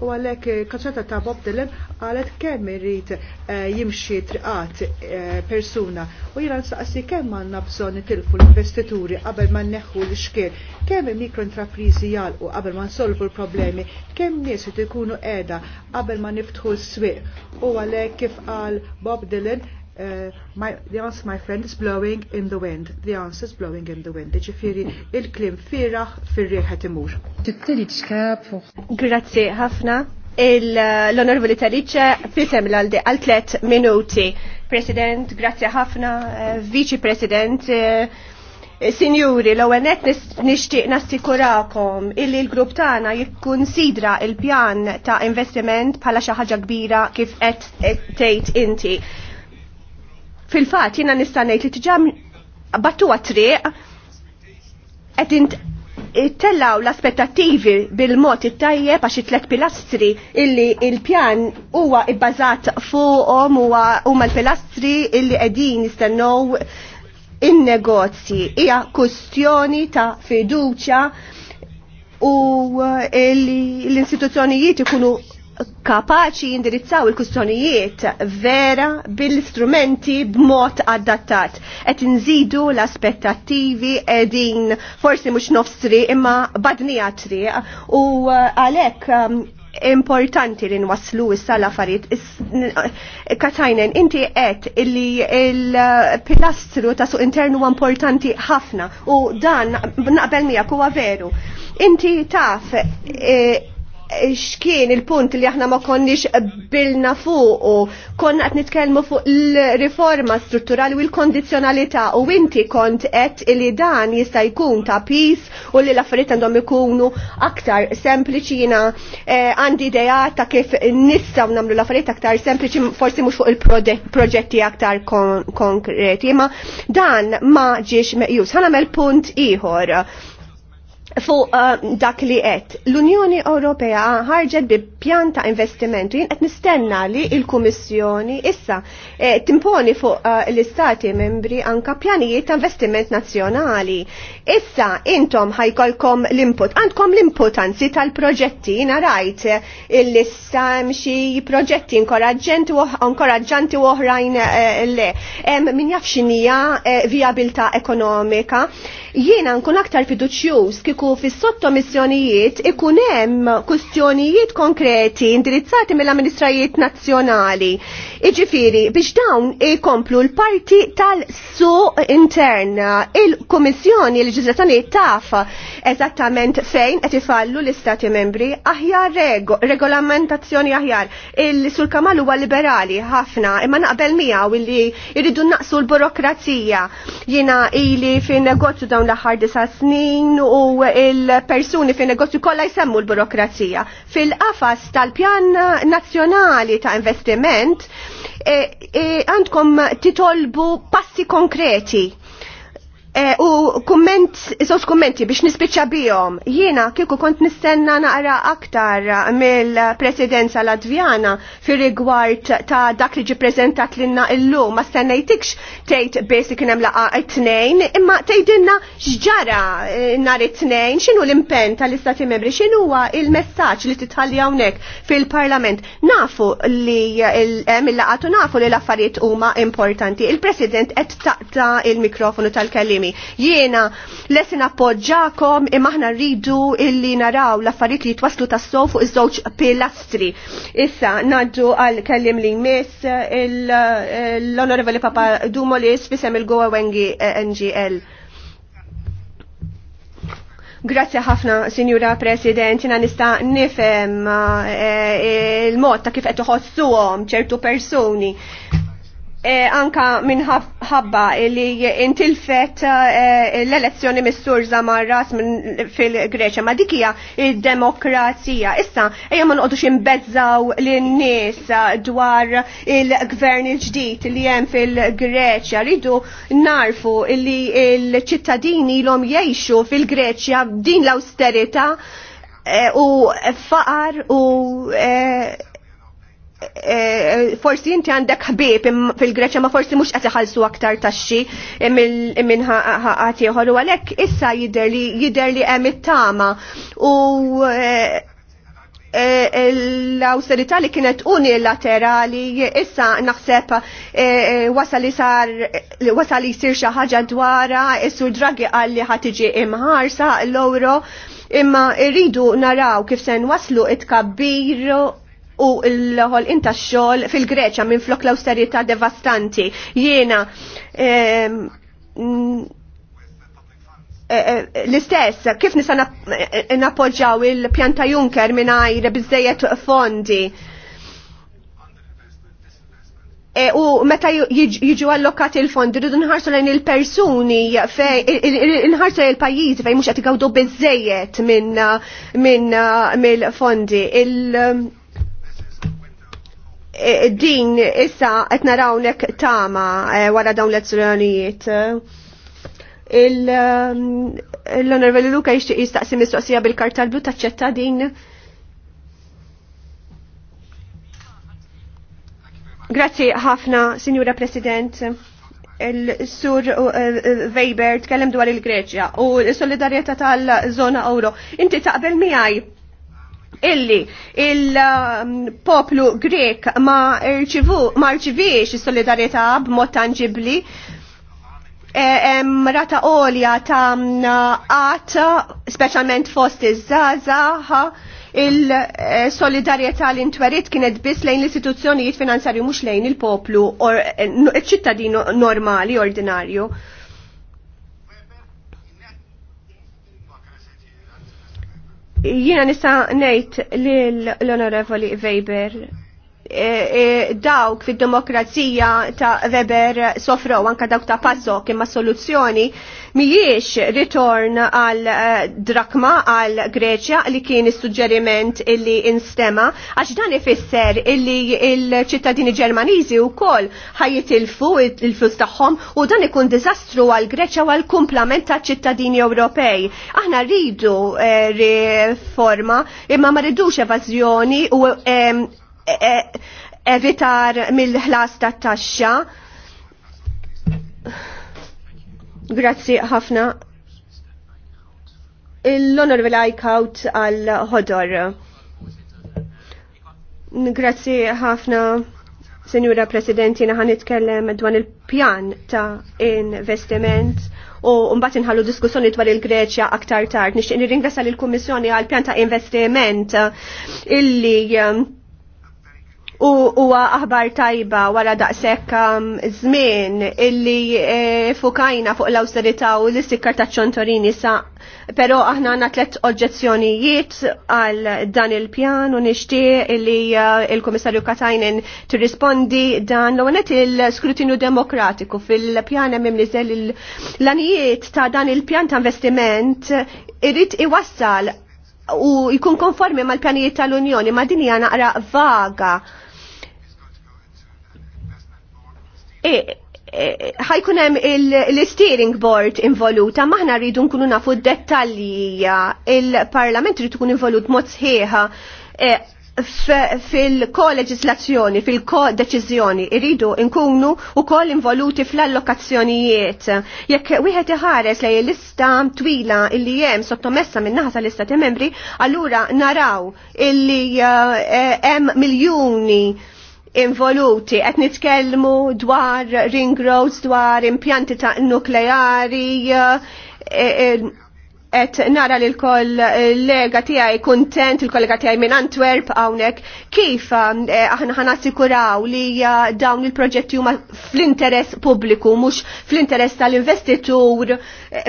u għalhekk eh, kaċċata ta' Bob Dylan qalet kemm irid eh, jimxi triqat eh, persuna u jiena nsaqsi kemm għandna bżon itilfu l-investituri qabel ma nneħħu l-xkiel, kemm mikrointrapriżi u qabel ma nsolvu l-problemi, kemm nies ikunu qiegħda qabel ma niftħu s-swieq u għalhekk kif qal Bob Dylan Uh, my, the answer, my friend, is blowing in the wind. The answer is blowing in the wind. Ġifiri, il-klim firraħ, firriħ imur. Grazie, ħafna. L-onorvoli Talicja fisem l-għaldi għal tlet minuti. President, grazie ħafna, eh, Vice President, eh, Sinjuri, l-ewwel net nixtieq nassikurakom illi l-grupp tagħna jikkunsidra l-pjan ta' investiment bħala xi ħaġa kbira kif qed tgħid inti. Fil-fat, jina nistanajt li tġam battu għatri għedint ittellaw l-aspettativi bil-mod it-tajjeb għax it-tlet pilastri illi il-pjan huwa ibbażat fuqhom huwa huma l-pilastri illi qegħdin jistennew in-negozji. Hija kustjoni ta' fiduċja u li l-istituzzjonijiet ikunu kapaċi jindirizzaw il-kustjonijiet vera bil-istrumenti b'mod adattat. Qed inżidu l-aspettattivi qegħdin forsi mhux nofsri imma badnija triq u uh, għalhekk um, importanti li nwaslu issa l-affarijiet. Uh, Katajnen, inti għed illi il-pilastru ta' suq internu huwa importanti ħafna u dan naqbel mija huwa veru. Inti taf eh, xkien il-punt li aħna ma konniex bilna fuq u konna qed nitkellmu fuq il-riforma strutturali u l-kondizjonalità u inti kont qed li dan jista' jkun ta' pis u li l-affarijiet għandhom ikunu aktar sempliċi eh, għandi ideja ta' kif nistgħu nagħmlu l aktar sempliċi forsi mhux fuq il-proġetti aktar konkreti ma dan ma ġiex meqjus. Ħanamel punt ieħor fuq uh, dak li qed. L-Unjoni Ewropea ħarġet bi pjan ta' investimenti jien qed nistenna li l-Kummissjoni issa eh, timponi fuq uh, l-Istati membri anka pjanijiet ta' investiment nazzjonali. Issa intom ħajkolkom l-input, għandkom l-input anzi tal-proġetti jiena rajt eh, il issa mxi proġetti inkoraġġanti oħrajn eh, le. Em, min jafxinija xinija eh, viabilta ekonomika. Jiena nkun aktar fiduċjuż kieku kieku fis-sottomissjonijiet ikun hemm kustjonijiet konkreti indirizzati mill-amministrajiet nazzjonali. Iġifiri, biex dawn ikomplu l-parti tal su intern. Il-Kummissjoni l taf eżattament fejn qed ifallu l-Istati membri aħjar rego, regolamentazzjoni aħjar. il sul Kamal huwa liberali ħafna imma naqbel miegħu illi jridu naqsu l-burokrazija. Jiena ili fin negozju dawn l-aħħar disa snin u il-persuni fin negozju kollha jsemmu l-burokrazija. Fil-qafas tal-pjan nazzjonali ta' investiment eh, eh, għandkom titolbu passi konkreti Eh, u komment, sos kommenti biex nispiċa bijom. Jiena kieku kont nistenna naqra aktar mill-presidenza Latvjana fir rigward ta' dak li ġi prezentat l-inna illu. Ma stennajtikx tejt basic kienem laqa it-tnejn, imma tejtinna xġara eh, nar it-tnejn, xinu l-impen tal-istati membri, xinu il-messaċ li titħalli hawnhekk fil-parlament. Nafu li il-laqatu eh, nafu li l-affarijiet huma importanti. Il-president qed taqta il-mikrofonu tal-kelim leġittimi. Jiena lesin appoġġakom imma aħna rridu illi naraw l-affarijiet li jitwaslu tas-sow fuq iż-żewġ pilastri. Issa ngħaddu għal kellim li jmiss l-Onorevoli Papa Dumolis li il-Goa Wengi eh, NGL. Grazie ħafna, Signora President, jina nista nifem e, eh, e, il-mod ta' kif qed toħossuhom ċertu persuni Eh, anka minħabba li intilfet e, l-elezzjoni mis-sur Zamarras fil-Greċja ma dikija id-demokrazija. Issa ejja ma noqgħodux imbezzaw lin-nies eh, dwar il-gvern il-ġdid li hemm fil-Greċja. Ridu narfu li l-ċittadini ilhom jgħixu fil-Greċja din l-austerità u faqar u forsi inti għandek ħbib fil-Greċja ma forsi mhux qed iħallsu aktar taxxi minn ieħor. u għalhekk issa jidher li jidher li hemm it-tama u eh, eh, l-austerità li kienet unilaterali issa naħseb eh, wasal li jsir xi ħaġa dwara is-sur Draghi qal li ħatiġi imħarsa l ewro imma irridu naraw kif se waslu it-kabbir u l-ħol inta xol fil-Greċa minn flok l-austerita devastanti. Jena l-istess, kif nisa napoġaw il-pjanta Juncker minn għajr bizzejet fondi. E, u meta jiġu allokati l-fondi, rridu nħarsu lejn il-persuni, nħarsu lejn il pajiz fejn mhux qed għawdu bizzejet minn min, min, fondi Il, Eh, din issa qed narawnek tama eh, wara dawn l-azzjonijiet. Ehm, L-Onorevoli Luka jixtieq jistaqsi mistoqsija bil-karta l-blu taċċetta din. Grazzi ħafna, Sinjura President il-sur eh, Weber tkellem dwar il-Greċja u l-solidarieta tal-zona euro. Inti taqbel miħaj illi il-poplu Grek ma rċivu rċiviex is-solidarjetà b'mod tangibli. E, rata olja ta' għat, specialment fost iż-żaza, il-solidarieta e, l-intwerit kienet biss lejn l-istituzzjonijiet finanzarju mux lejn il-poplu, or e, ċittadin normali, ordinarju. Jiena nista' ngħid lill-Onorevoli Weber E, e, dawk fid-demokrazija ta' Weber sofro anka dawk ta' Pazzok imma soluzzjoni mhijiex ritorn għal e, drakma għal Greċja li kien is-suġġeriment illi instema għax dan ifisser illi il-ċittadini Ġermaniżi wkoll ħajit il-flus tagħhom u dan ikun diżastru għal Greċja u għal kumplament ta' ċittadini Ewropej. Aħna rridu riforma imma ma rridux evażjoni u E, e, evitar mill-ħlas ta' taxxa. Grazzi ħafna. l honorable Eichhout għal ħodor. Grazzi ħafna. Senjura Presidenti, naħan nitkellem dwar il-pjan ta' investiment u mbagħad inħallu diskussjoni dwar il-Greċja aktar tard. Nixtieq nirringrazzja lill-Kummissjoni għall pjan ta' investiment illi um, u huwa aħbar tajba wara daqshekk um, żmien illi e, fukajna fuq l-awsterità u l-istikkar ta' ċontorini sa' però aħna għandna tliet oġġezzjonijiet għal dan il-pjan u nixtieq illi e, il-Kummissarju Katajnen tirrispondi dan l-għonet il-skrutinju demokratiku fil-pjan hemm imniżel l-anijiet ta' dan il-pjan ta' investiment irrid iwassal u jkun konformi mal-pjanijiet tal-Unjoni, ma din hija naqra vaga Eh, eh, ħajkun hemm l-steering board involuta, maħna rridu nkunu nafu d-dettalji, il-parlament rridu kun involut mod sħiħa eh, fil-ko-leġislazzjoni, fil-ko-deċizjoni, irridu nkunu u koll involuti fl-allokazzjonijiet. Jekk wieħed iħares lej lista twila illi hemm sottomessa minnaħa naħa tal-istati membri, allura naraw illi hemm miljuni involuti, qed nitkellmu dwar ring roads, dwar impjanti ta' nukleari, eh, eh, et nara li l-kollega eh, tijaj kontent, l-kollega tijaj minn Antwerp għawnek, kif eh, eh, aħna ħana sikuraw li dawn il-proġetti huma fl-interess publiku, mux fl-interess tal-investitur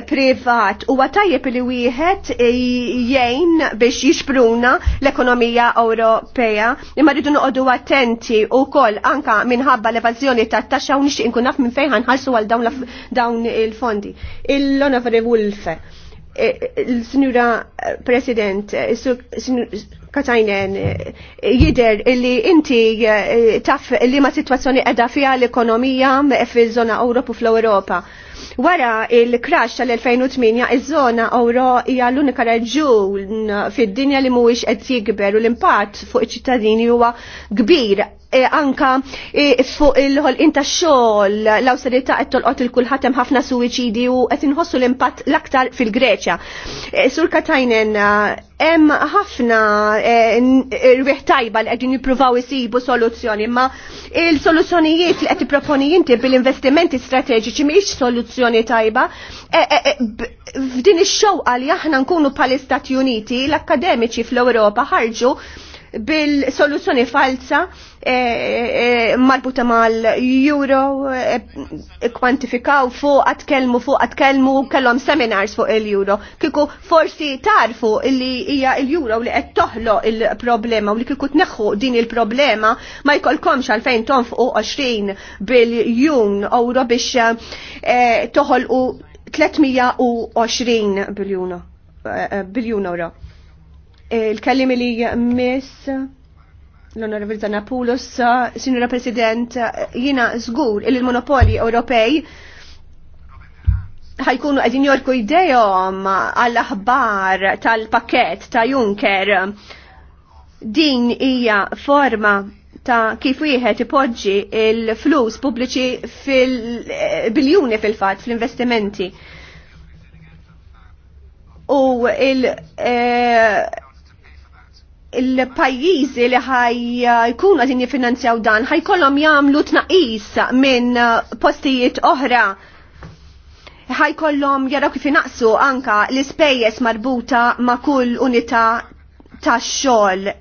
privat. U għatajjeb li wieħed jgħin biex jixpruna l-ekonomija Ewropea. Imma rridu noqogħdu attenti u koll anka minħabba l-evażjoni ta' taxxa u nixtieq nkun naf minn fejn ħanħarsu għal dawn il-fondi. Il-Honorable Wolfe l eh, eh, snura eh, President, Katajnen, jider li inti taf li ma situazzjoni edha fija l-ekonomija fil-zona Ewropa u fl-Europa Wara il-crash tal-2008 iż-żona euro hija l-unika raġun fid-dinja li mhuwiex qed jikber u l-impatt fuq iċ-ċittadini huwa kbir e, anka e, fuq il ħol tax-xogħol l-awsterità qed tolqot il kulħat hemm ħafna suwiċidi u qed inħossu l-impatt l-aktar fil-Greċja. E, Sur Katajnen, hemm ħafna e, rriħ tajba li qegħdin jippruvaw jisibu soluzzjoni, Ma il-soluzzjonijiet li qed tipproponi inti bil-investimenti strateġiċi mhijiex soluzzjoni soluzzjoni tajba. E, e, e, f'din ix-xewqa li aħna nkunu bħal istati Uniti, l-akademiċi fl-Ewropa ħarġu bil-soluzzjoni falsa e, e, marbuta mal-euro e, kwantifikaw fuq atkelmu fuq atkelmu kellhom seminars fuq il-euro. Kiku forsi tarfu li hija il-euro li qed toħlo il-problema u li kiku tneħħu din il-problema ma jkollkomx għalfejn tonfqu 20 biljun euro biex toħolqu 320 biljun biljun euro. Eh, il kallim li miss l onorabil Zanapoulos, Sinjora President, jina zgur il-monopoli Ewropej ħajkunu għedin jorku idejom għall-aħbar tal-pakket ta' Juncker. Din hija forma ta' kif wieħed ipoġġi il-flus pubbliċi fil-biljuni eh, fil-fatt fl-investimenti. U il- eh, il-pajjiżi li ħaj uh, jkunu għadin jifinanzjaw dan ħajkollhom jagħmlu tnaqis minn uh, postijiet oħra ħajkollhom jaraw kif inaqsu anka l-ispejjeż marbuta ma' kull unità tax-xogħol.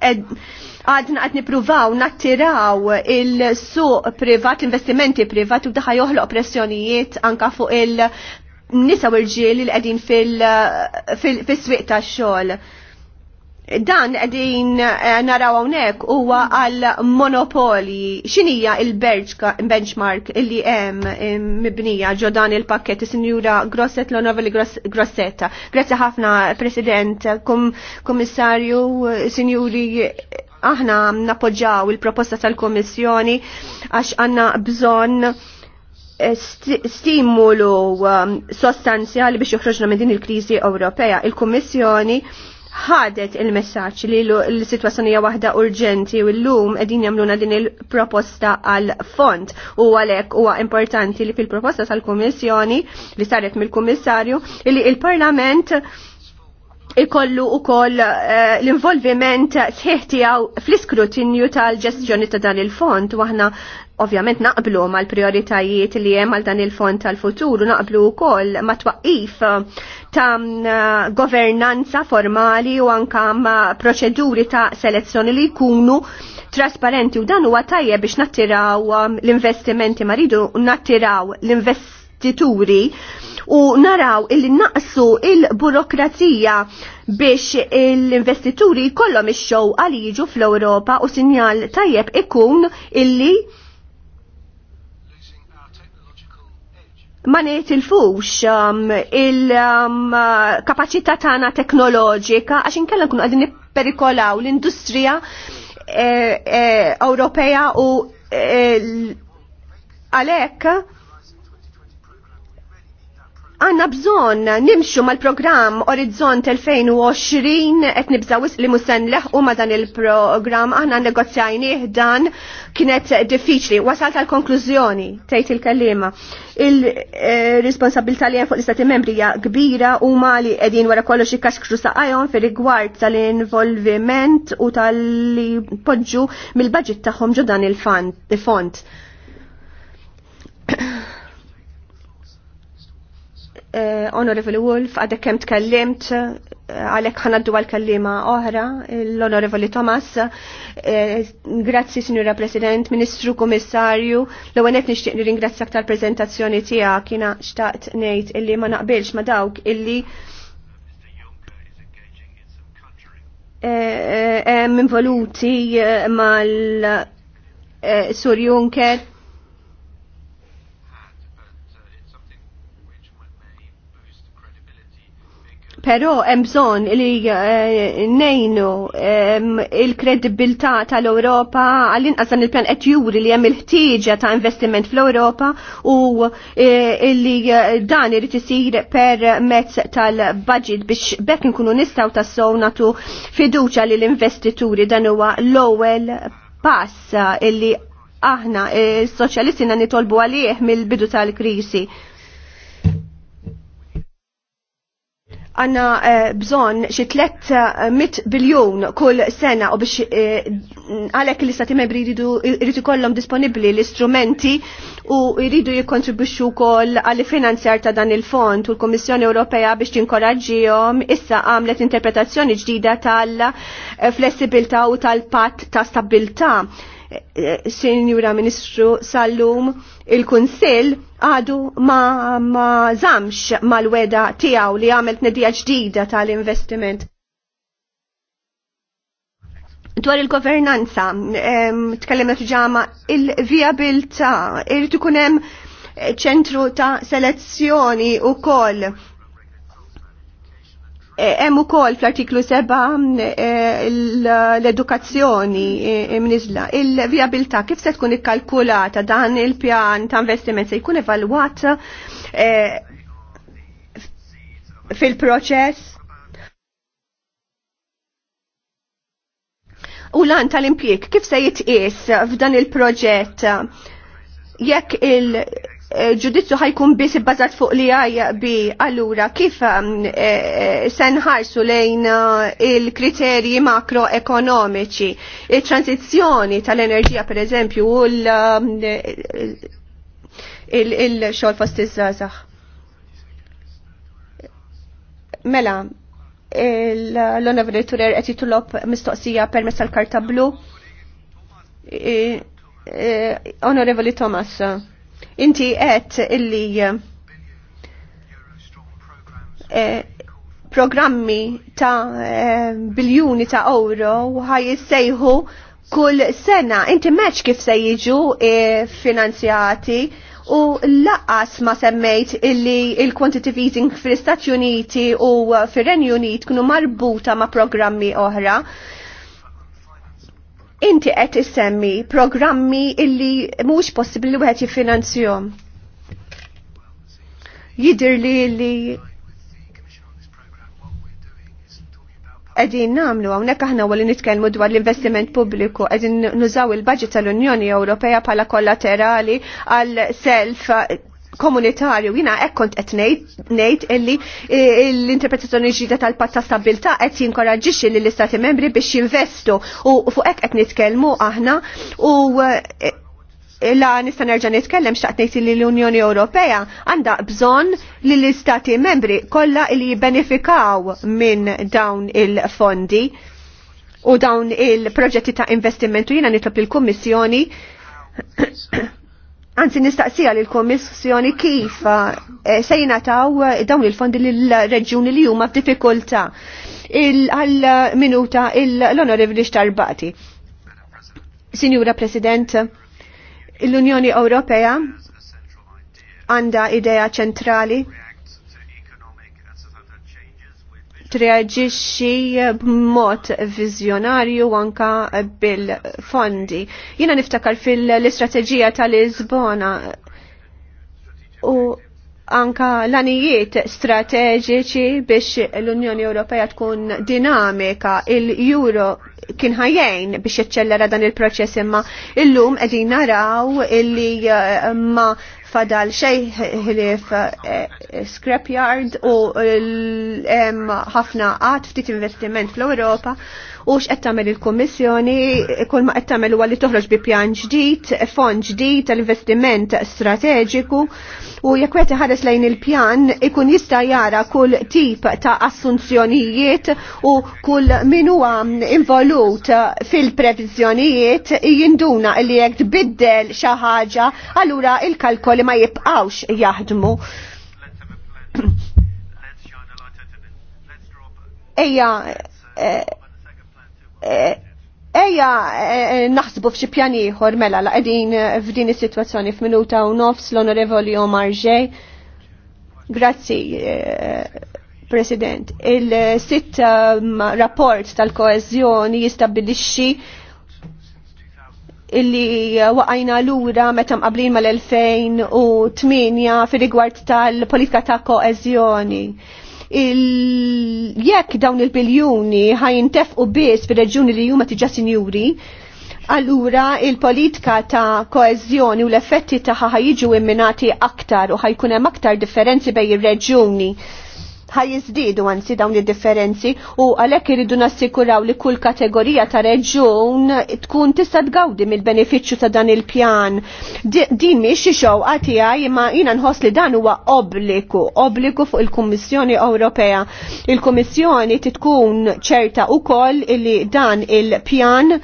Għadna qed nippruvaw nattiraw il-suq privat, l-investimenti privat u daħħa joħloq pressjonijiet anka fuq il-nisa u l ġil li għedin fil-swieq uh, tax-xogħol Dan għedin eh, naraw hawnhekk huwa għal monopoli. X'inhija il-benchmark li hemm mibnija ġo dan il-pakket is-Sinjura Grosset l-Onoveli Grossetta. Grazzi ħafna President, Kummissarju, Sinjuri aħna nappoġġjaw il-proposta tal-Komissjoni għax għanna bżonn eh, stimulu um, sostanzjali biex joħroġna minn din il-kriżi Ewropea. Il-Kummissjoni il kriżi ewropea il kummissjoni ħadet il-messaċ li l-situazzjoni hija waħda urġenti u llum qegħdin jagħmluna din il-proposta għal fond u għalhekk huwa importanti li fil-proposta tal-Kummissjoni li saret mill-Kummissarju li il-Parlament il parlament ikollu u koll eh, l-involviment sħiħ tijaw fl-iskrutinju tal-ġestjoni ta' dan il-fond u aħna ovvjament naqblu l prioritajiet li hemm għal dan il-fond tal-futur u naqblu wkoll ma' twaqif ta' mm, governanza formali u anka ma' proċeduri ta' selezzjoni li jkunu trasparenti u dan huwa tajjeb biex nattiraw mm, l-investimenti ma' ridu nattiraw l-investimenti investituri u naraw illi naqsu il-burokrazija biex l-investituri il kollom ix-xow għal jiġu fl-Ewropa u sinjal tajjeb ikun illi ma netilfux um, il-kapacità um, tagħna teknoloġika għax inkella nkunu qegħdin nipperikolaw l-industrija eh, eh, Ewropea eh, e, u għalhekk e, għanna bżon nimxu mal-program Orizzont 2020 qed nibżawis li leħ u ma dan il-program aħna negozjajnieh dan kienet diffiċli. Wasalt għal konklużjoni tgħid il-kellima. Il-responsabilità li fuq l-istati membri hija kbira u ma li qegħdin wara kollox ikkaxkru saqajhom fir-rigward tal-involviment u tal-li podġu mill-baġit tagħhom ġodan dan il-fond uh, Honorable Wolf, għadek kem tkellimt, eh, għalek ħanaddu għal kellima oħra, l-Honorable Thomas, uh, grazzi Signora President, Ministru Komissarju, l għanet nishtiq nir-ingrazzja aktar prezentazzjoni tija kina xtaqt nejt illi ma naqbilx ma dawk illi eh, eh, involuti mal eh, Sur Juncker Pero hemm bżonn li eh, nejnu ehm, il kredibilta tal-Ewropa għall-inqas dan il-pjan qed juri li hemm il-ħtieġa ta' investiment fl-Ewropa u eh, li eh, dan irid isir mezz tal-budget biex bekk inkunu nistgħu tassew fiduċa fiduċja l investituri dan huwa l-ewwel pass illi aħna il soċjalistina nitolbu għalih mill-bidu tal-krisi. għanna eh, bżon xi 300 eh, biljon kull sena u biex eh, għalek li istati membri jridu kollom disponibli l-istrumenti u jridu jikontribuxxu koll għall finanzjar ta' dan il-fond u l-Kommissjoni Ewropea biex tinkoraġġihom issa għamlet interpretazzjoni ġdida tal-flessibilta u tal-patt ta' stabilta' Sinjura Ministru Sallum, il-Kunsill għadu ma, ma zamx mal-weda tijaw li għamilt nedija ġdida tal-investiment. Dwar il-governanza, tkellimet ġama il-viabilta, irritu kunem ċentru ta' selezzjoni u koll Eh, hemm ukoll fl-artiklu 7 eh, l-edukazzjoni eh, mniżla. Il-vjabilità kif se tkun ikkalkulata dan il-pjan ta' investiment se jkun evalwat fil-proċess? U lan tal impjieg kif se jitqies f'dan il-proġett jekk il- ġudizzju ħajkun biss ibbażat fuq li għajja bi allura kif um, e, e, senħarsu lejn uh, il-kriterji makroekonomiċi, il-transizjoni tal-enerġija per eżempju u l um, xol fost iż-żazax. Mela, l onavri Turer qed jitulob mistoqsija permezz l karta blu. E, Onorevoli Thomas. Inti għed illi eh, programmi ta' eh, biljuni ta' euro ħaj jissejħu kull sena. Inti meċ kif se jiġu eh, finanzjati u laqas ma semmejt illi il-quantitative easing fil-Istati Uniti u fil-Renju Unit kunu marbuta ma programmi oħra inti qed issemmi programmi illi mhux possibbli li wieħed jiffinanzjahom. Jidir li li għedin namlu, għawnek aħna li nitkelmu dwar l-investiment publiku, qegħdin nużaw il-budget tal-Unjoni Ewropea pala kollaterali għal self komunitarju, jina ekkont qed ngħid illi l-interpretazzjoni ġdida tal-patta stabilta qed jinkoraġġixxi lill istati membri biex jinvestu u fuq hekk qed nitkellmu aħna u e, la nista' nerġa' nitkellem x'taqt ngħid li l-Unjoni Ewropea għandha bżonn li l-istati membri kollha li jibbenefikaw minn dawn il-fondi u dawn il-proġetti ta' investimentu jiena nitlob il-Kummissjoni Anzi nistaqsija lill l-Komissjoni kif eh, se jingħataw eh, dawn il-fondi lill-reġjuni li huma f'diffikultà. Għal minuta l-Onorevoli Xtarbati. Sinjura President, l-Unjoni Ewropea għandha idea ċentrali treagġixxi b'mod viżjonarju anka bil-fondi. Jina niftakar fil-istrateġija tal-Lisbona u anka l-anijiet strateġiċi biex l-Unjoni Ewropea tkun dinamika il-Euro kien ħajjejn biex jaċċellera dan il-proċess imma illum qegħdin naraw illi eh, ma fadal xej ħlif eh, eh, scrapyard u ħafna għat ftit investiment fl-Europa u x'qed tagħmel il-Kummissjoni kull ma qed tagħmel huwa li toħroġ bi pjan ġdid, fond ġdid tal-investiment strateġiku u jekk qed iħares lejn il-pjan ikun jista' jara kull tip ta' assunzjonijiet u kull min huwa involut fil previzjonijiet jinduna li jekk tbiddel xi ħaġa allura il-kalkoli ma jibqgħux jaħdmu. <clears throat> Ejja, eh, Eja, eh, eh, naħsbu f'xi pjan ieħor mela la qegħdin eh, f'din is-sitwazzjoni f'minuta u nofs l-Onorevoli Omar Ġej. Grazzi, President. Il-sitt ehm, rapport tal-koeżjoni jistabilixxi illi waqajna lura meta mqablin mal-2008 fil rigward tal-politika ta' koeżjoni jekk dawn il-biljuni ħajntefqu biss fir-reġjuni li huma tiġa sinjuri, Allura il-politika ta' koezjoni u l-effetti ta' ħajġu imminati aktar u ħajkun hemm aktar differenzi bejn ir-reġjuni ħajizdidu anzi dawn id-differenzi u għalhekk irridu nassikuraw li kull kategorija ta' reġun tkun tista' tgawdi mill-benefiċċju ta' dan il-pjan. Din mhix xi xewqa għaj imma jiena nħoss li dan huwa obbligu, obbligu fuq il-Kummissjoni Ewropea. Il-Kummissjoni titkun ċerta wkoll li dan il-pjan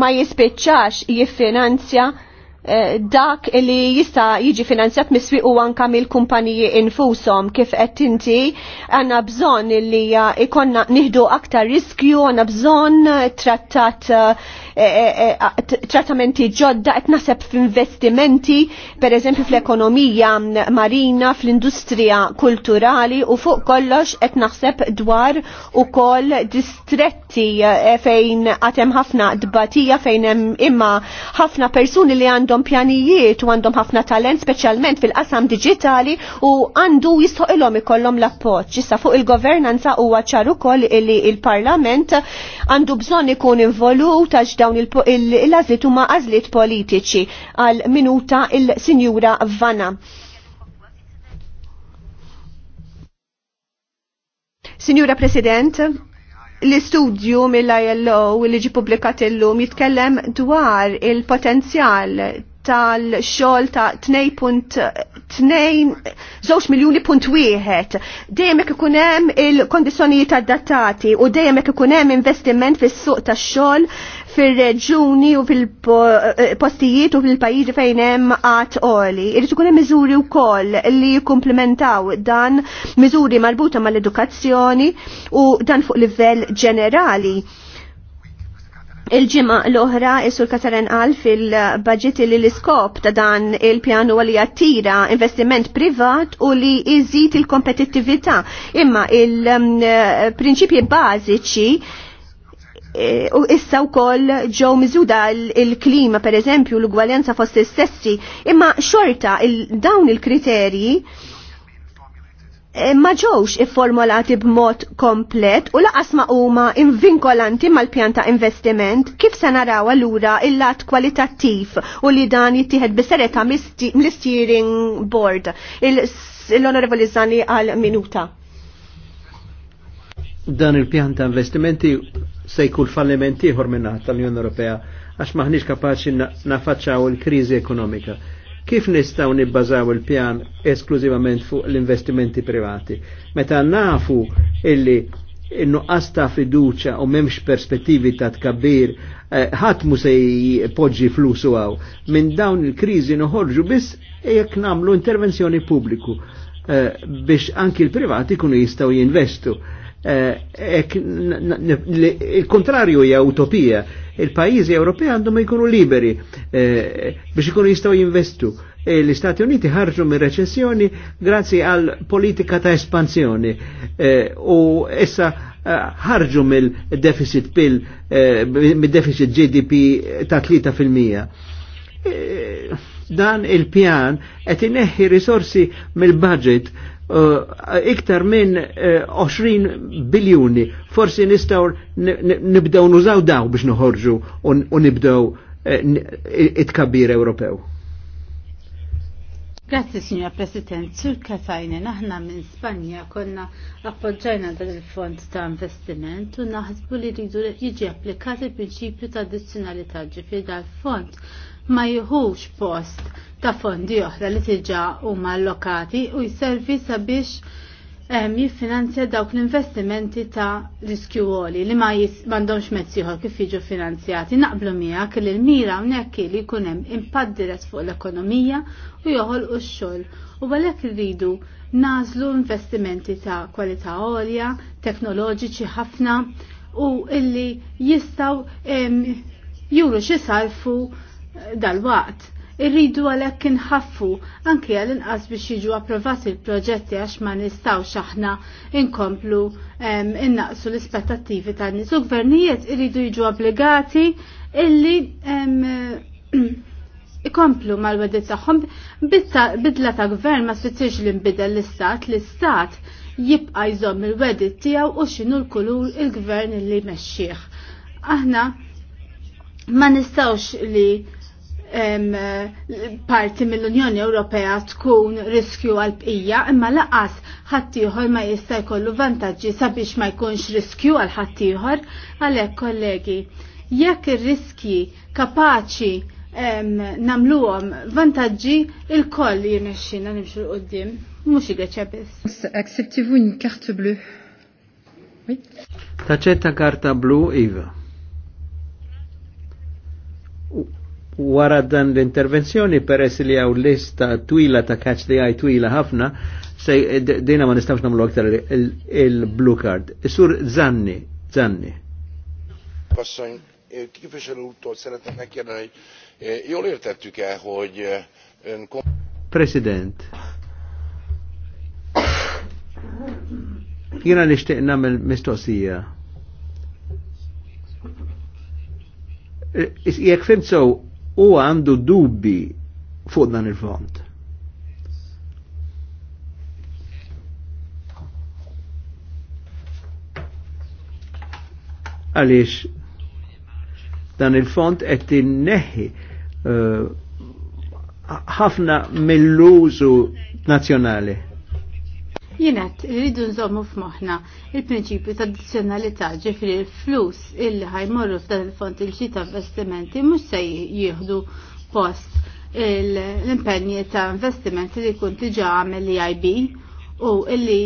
ma jispiċċax jiffinanzja Eh, dak li jista jiġi finanzjat miswi u anka mill-kumpaniji infusom kif qed inti għandna bżonn li ikonna nieħdu aktar riskju, għandna bżonn trattat eh, Eh, eh, eh, trattamenti ġodda, qed naħseb f'investimenti, pereżempju fl-ekonomija marina, fl-industrija kulturali u fuq kollox qed naħseb dwar ukoll distretti fejn qatt hemm ħafna dbatija fejn hemm imma ħafna persuni li għandhom pjanijiet u għandhom ħafna talent speċjalment fil-qasam diġitali u għandu jistoqilhom ikollhom l-appoġġ. Issa fuq il-governanza huwa ċar ukoll li il-Parlament għandu bżonn ikun involut għax dawn il-għazlit huma għażliet politiċi għal minuta il-Sinjura Vanna. Sinjura President, l-istudju mill-ILO li ġi publikat illum jitkellem dwar il-potenzjal tal-xol ta' 2.2 miljoni punt wieħed. Dejjem jekk ikun hemm il-kondizzjonijiet adattati u dejjem jekk ikun hemm investiment fis-suq tax-xogħol fil-reġuni u fil-postijiet u fil-pajizi fejn hemm għat oli. Irid ikun hemm miżuri wkoll li jikkumplementaw dan miżuri marbuta mal-edukazzjoni u dan fuq livell ġenerali. Il-ġimgħa l-oħra is-Sur Kataren qal fil-baġġetti li l-iskop ta' dan il-pjan huwa li jattira investiment privat u li jżid il-kompetittività. Imma il-prinċipji um, bażiċi Eh, u issa wkoll ġew miżuda il-klima pereżempju l-ugwaljanza fost is imma xorta dawn il-kriterji eh, ma ġewx ifformolati b'mod komplet u laqas ma huma invinkolanti mal-pjanta investiment kif se naraw allura il-lat kwalitattiv u li dan jittieħed bisereta mill-steering board. L-onorevoli Zani għal minuta dan il-pjan ta' investimenti se jkun falliment ieħor minnat tal-Unjoni Ewropea għax maħniex kapaċi nafaċċaw il-kriżi ekonomika. Kif nistgħu nibbażaw il-pjan esklużivament fuq l-investimenti privati? Meta nafu illi nuqqas ta' fiduċa u memx perspettivi ta' tkabbir, eh, ħatmu se jpoġġi flusu għaw. Minn dawn il-kriżi noħorġu biss jekk namlu intervenzjoni pubbliku eh, biex anki l-privati kunu jistaw jinvestu. Eh, il-kontrarju hija utopija. Il-pajjiżi Ewropej għandhom jkunu liberi eh, biex ikunu jistgħu jinvestu. E, L-Istati Uniti ħarġu minn reċessjoni grazzi għal politika ta' espansjoni e, u issa eh, ħarġu mill-deficit pil mid-deficit GDP ta' 3%. E, dan il-pjan qed ineħħi risorsi mill-budget Eh, iktar minn 20 eh, biljuni. Forsi nistaw nibdew nużaw daw biex nħorġu u nibdew eh, it-kabir Ewropew. Grazie signora President, Sul Katajne, naħna minn Spanja konna appoġġajna dal il-fond ta' investiment u naħsbu li rridu jiġi applikati il-prinċipju ta' addizzjonalità ġifir dal-fond ma jħux post ta' fondi oħra li tiġa huma allokati u jservi sabiex ehm, jiffinanzja dawk l-investimenti ta' riskju għoli li ma mandomx mezziħor kif jiġu finanzjati. Naqblu miegħek li l-mira hawnhekk li jkun hemm impatt dirett fuq l-ekonomija u joħol u x-xogħol. U għalhekk irridu nażlu investimenti ta' kwalità għolja, teknoloġiċi ħafna u illi jistaw ehm, juru xi sarfu dal-waqt. Irridu għalhekk nħaffu anke għal inqas biex jiġu approvati l-proġetti għax ma nistaw aħna inkomplu innaqsu l-ispettattivi tan-nies. U gvernijiet irridu jiġu obbligati illi <clears throat> ikomplu mal-wedit tagħhom bidla ta' gvern ma sfittix li nbidel l-istat, l-istat jibqa' jżomm il-wedit tiegħu u x'inhu l-kulur il-gvern li mexxih. Aħna ma nistawx li parti mill-Unjoni Ewropea tkun riskju għal-bqija imma laqas ħaddieħor ma jista' jkollu vantaġġi sabiex ma jkunx riskju għal ħaddieħor għalhekk kollegi. Jekk ir-riskji kapaċi namluhom vantaġġi il-koll jirnexxina nimxu l qudiem mhux igreċja biss. Acceptez-vous blu. Taċetta karta blu, Iva wara dan l-intervenzjoni peress li għaw lista twila ta' catch the eye twila ħafna, sej dina ma nistawx namlu aktar il-blue card. Sur Zanni, Zanni. Kasszony, képviselő úrtól szeretnék megkérdezni, hogy eh, jól értettük-e, hogy eh, ön... President. Jena nishtiq namel mistoqsija. Eh, Jek fimt sow u għandu dubbi fuq dan il-fond. Għalix, dan il-fond qed neħi eh, ħafna uh, mill-użu nazjonali. Jienet, rridu nżommu f'moħna il-prinċipju ta' addizzjonalità ġifri l-flus illi ħajmorru f'dan il-fond il-ġi ta' investimenti mhux se jieħdu post l-impenji ta' investimenti li kun diġà għamel li e IB u illi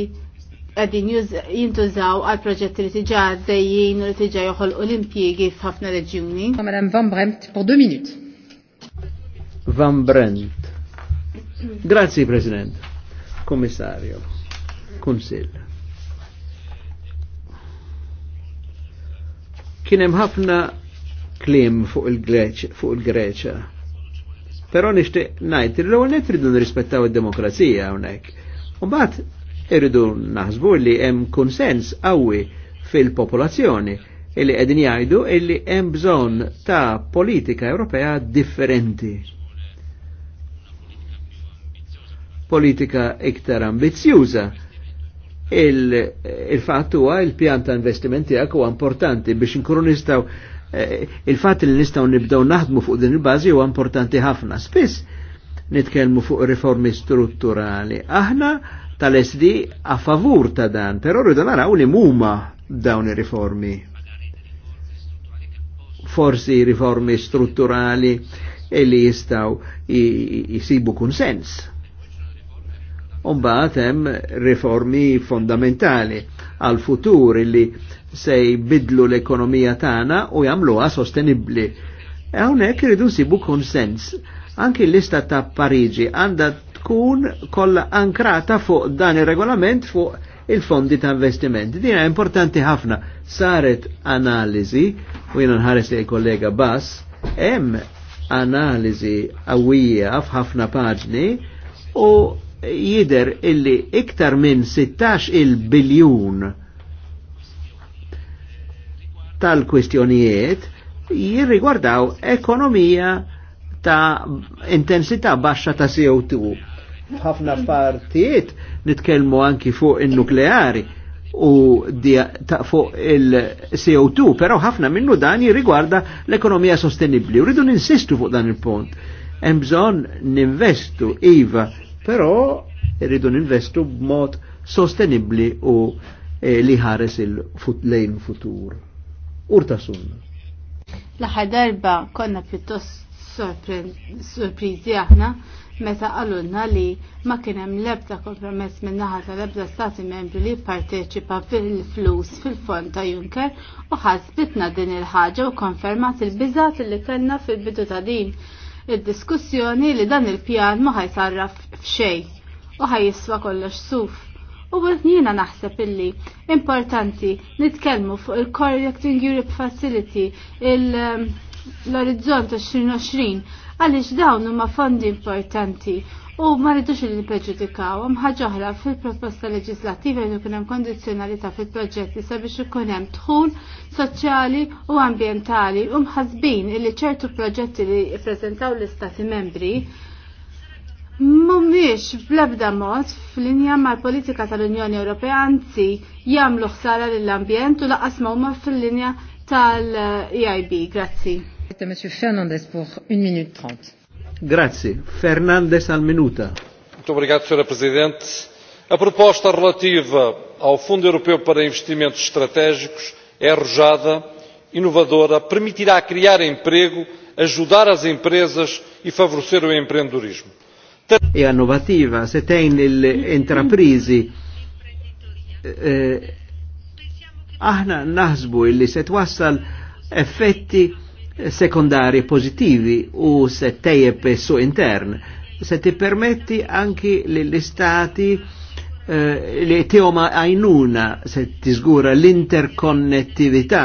għadin jintużaw għal proġetti li tiġa għaddejjien u li tiġa joħol olimpijegi f'ħafna reġjuni. Madam Van Brent, por du minut. Van Brent. Grazie, President. Commissario kunsil. Kienem ħafna klim fuq il-Greċa. fuq Il greċa Però nishtiq najt, l-ewwel net irridu nirrispettaw id-demokrazija hawnhekk. Mbagħad irridu naħsbu li hemm konsens qawwi fil-popolazzjoni illi qegħdin jgħidu illi hemm bżonn ta' politika Ewropea differenti. Politika iktar ambizzjuża il fat huwa il-pjan ta' investimenti għak huwa importanti biex inkunu nistgħu eh, il-fatt li nistgħu nibdew naħdmu fuq din il-bażi huwa importanti ħafna. Spiss nitkellmu fuq riformi strutturali. Aħna tal-SD a favur ta' dan, però rridu naraw li muma dawn ir-riformi. Forsi riformi strutturali e li jistaw jisibu konsens. sens. Umbaħt hemm riformi fondamentali għal futur illi se jbidlu l-ekonomija tagħna u jagħmluha sostenibbli. Hawnhekk iridu nsibu konsens. Anki l-lista ta' Pariġi għandha tkun kollha ankrata fuq dan ir-regolament fuq il-fondi ta' investiment. Dina importanti ħafna. Saret analiżi u jiena nħares li kollega Bass, hemm analiżi qawwija f'ħafna paġni u jider illi iktar minn 16 il-biljun tal-kwistjonijiet jirrigwardaw ekonomija ta' intensità baxxa ta' CO2. Ħafna partijiet nitkellmu anki fuq il-nukleari u ta' fuq il-CO2, però ħafna minnu dan jirrigwarda l-ekonomija sostenibli. Uridu ninsistu fuq dan il-punt. Hemm bżonn ninvestu iva Però irridu ninvestu b'mod sostenibli u e, li ħares il-lejn futur. Urta sun. L-aħħar darba konna pjuttost sorprizi aħna meta għalunna li ma kienem lebda kompromess minnaħa tal-ebda stati membri li parteċipa fil-flus fil-fond ta' Juncker u ħasbitna din il-ħaġa u konfermat il-bizat li kellna fil-bidu ta' din id-diskussjoni li dan il-pjan ma ħajsarraf f'xej u ħajiswa kollox suf. U jiena naħseb illi importanti nitkellmu fuq il-Correcting Europe Facility, um, l-Orizzont 2020, għaliex dawn huma fondi importanti U ma rridux li nipreġudikaw, ħaġa fil-proposta leġislattiva jenu kunem kondizzjonalità fil-proġetti sabiex ikun hemm dħul soċjali u ambientali u mħazbin illi ċertu proġetti li jippreżentaw l-Istati membri Mumiex blabda mod f'linja mal-politika tal-Unjoni Ewropea anzi jagħmlu ħsara lill-ambjent u laqas ma fil-linja tal-EIB. Grazzi. Mr. Fernandez pour 1 minute 30. Grazie. Fernandez al minuta. Muito obrigado, Sr. Presidente. A proposta relativa ao Fundo Europeu para Investimentos Estratégicos é arrojada, inovadora, permitirá criar emprego, ajudar as empresas e favorecer o empreendedorismo. E inovativa, se tem entreprise. Eh, eh aħna naħsbu illi se twassal effetti sekondari pozitivi u se tejjeb su intern se ti permetti anki li istati eh, li tioma għajnuna se tiżgura l-interkonnettività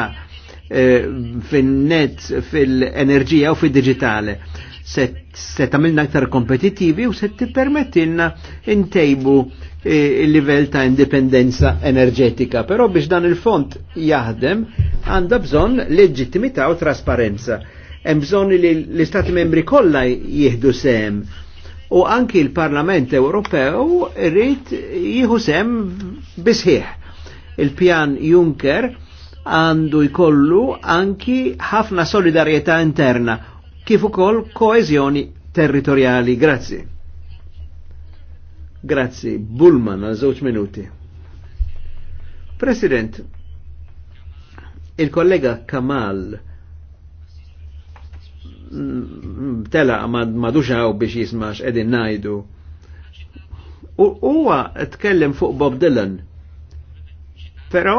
eh, fin-net fil-enerġija u fil-digitale se, se tamilna aktar kompetitivi u se ti permettinna intejbu Eh, il-livell ta' indipendenza enerġetika. Però biex dan il-font jaħdem għandha bżonn leġittimità u trasparenza. Hemm bżonn li l-Istati membri kollha jieħdu sem u anki l-Parlament Ewropew irrid jieħu sem bisħieħ. Il-pjan Juncker għandu jkollu anki ħafna solidarjetà interna kif ukoll koeżjoni territoriali, Grazzi. Grazzi, Bullman, għal żewġ minuti. President, il-kollega Kamal mm, tela għaw biex jismax edin najdu. Uwa tkellem fuq Bob Dylan, pero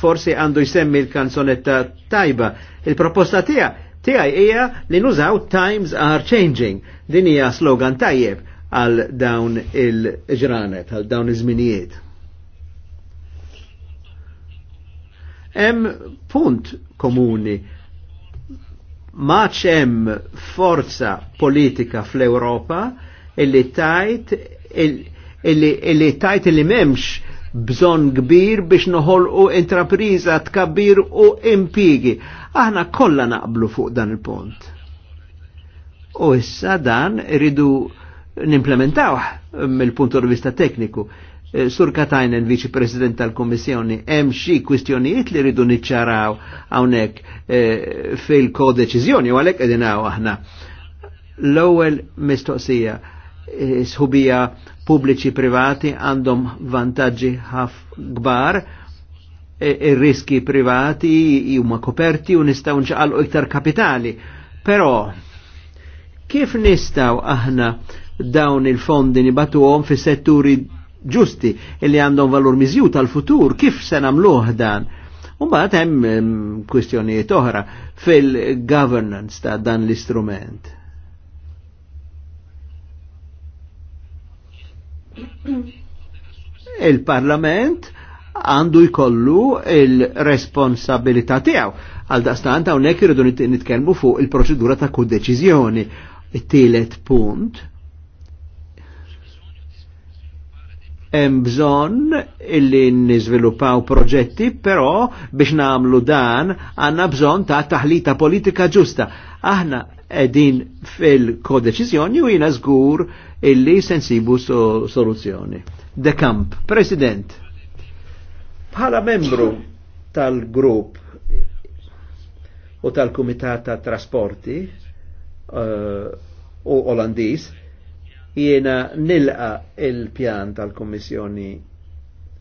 forsi għandu jsemmi l-kanzonetta tajba. Il-proposta tija, tija hija li nużaw Times are changing. Din hija slogan tajjeb għal dawn il-ġranet, għal dawn iż-żminijiet. Hemm punt komuni maċ hemm forza politika fl-Ewropa illi tajt illi, illi, tajt illi memx bżon kbir biex noħolqu intrapriża tkabbir u impigi. Aħna kollha naqblu fuq dan il-punt. U issa dan iridu nimplementawh eh, mill-punt vista tekniku. Eh, Sur Katajnen, viċi president tal-Komissjoni, hemm xi kwistjonijiet li rridu niċċaraw hawnhekk eh, fil-kodeċiżjoni u għalhekk qegħdin aħna. L-ewwel mistoqsija sħubija pubbliċi privati għandhom vantaġġi ħaf gbar, ir-riski privati huma koperti u nistgħu nċaqalqu iktar kapitali. Però kif nistgħu aħna dawn il-fondi nibatuhom fis setturi ġusti illi għandhom valur miżju tal-futur, kif se nagħmluh dan? Umbagħad hemm kwistjonijiet oħra fil-governance ta' dan l-istrument. Il-Parlament għandu jkollu il-responsabilità tiegħu. Għal daqstant hawnhekk irridu nitkellmu fuq il-proċedura ta' kudeċiżjoni. It-tielet punt hemm bżonn illi niżviluppaw proġetti, però biex nagħmlu dan għandna bżonn ta' taħlita politika ġusta. Aħna qegħdin fil-kodeċiżjoni u jiena żgur illi sensibu so soluzzjoni. De Camp, President, bħala membru tal-grupp u tal-Kumitat ta' Trasporti uh, u Olandiż, jiena nilqa il-pjan tal-Kommissjoni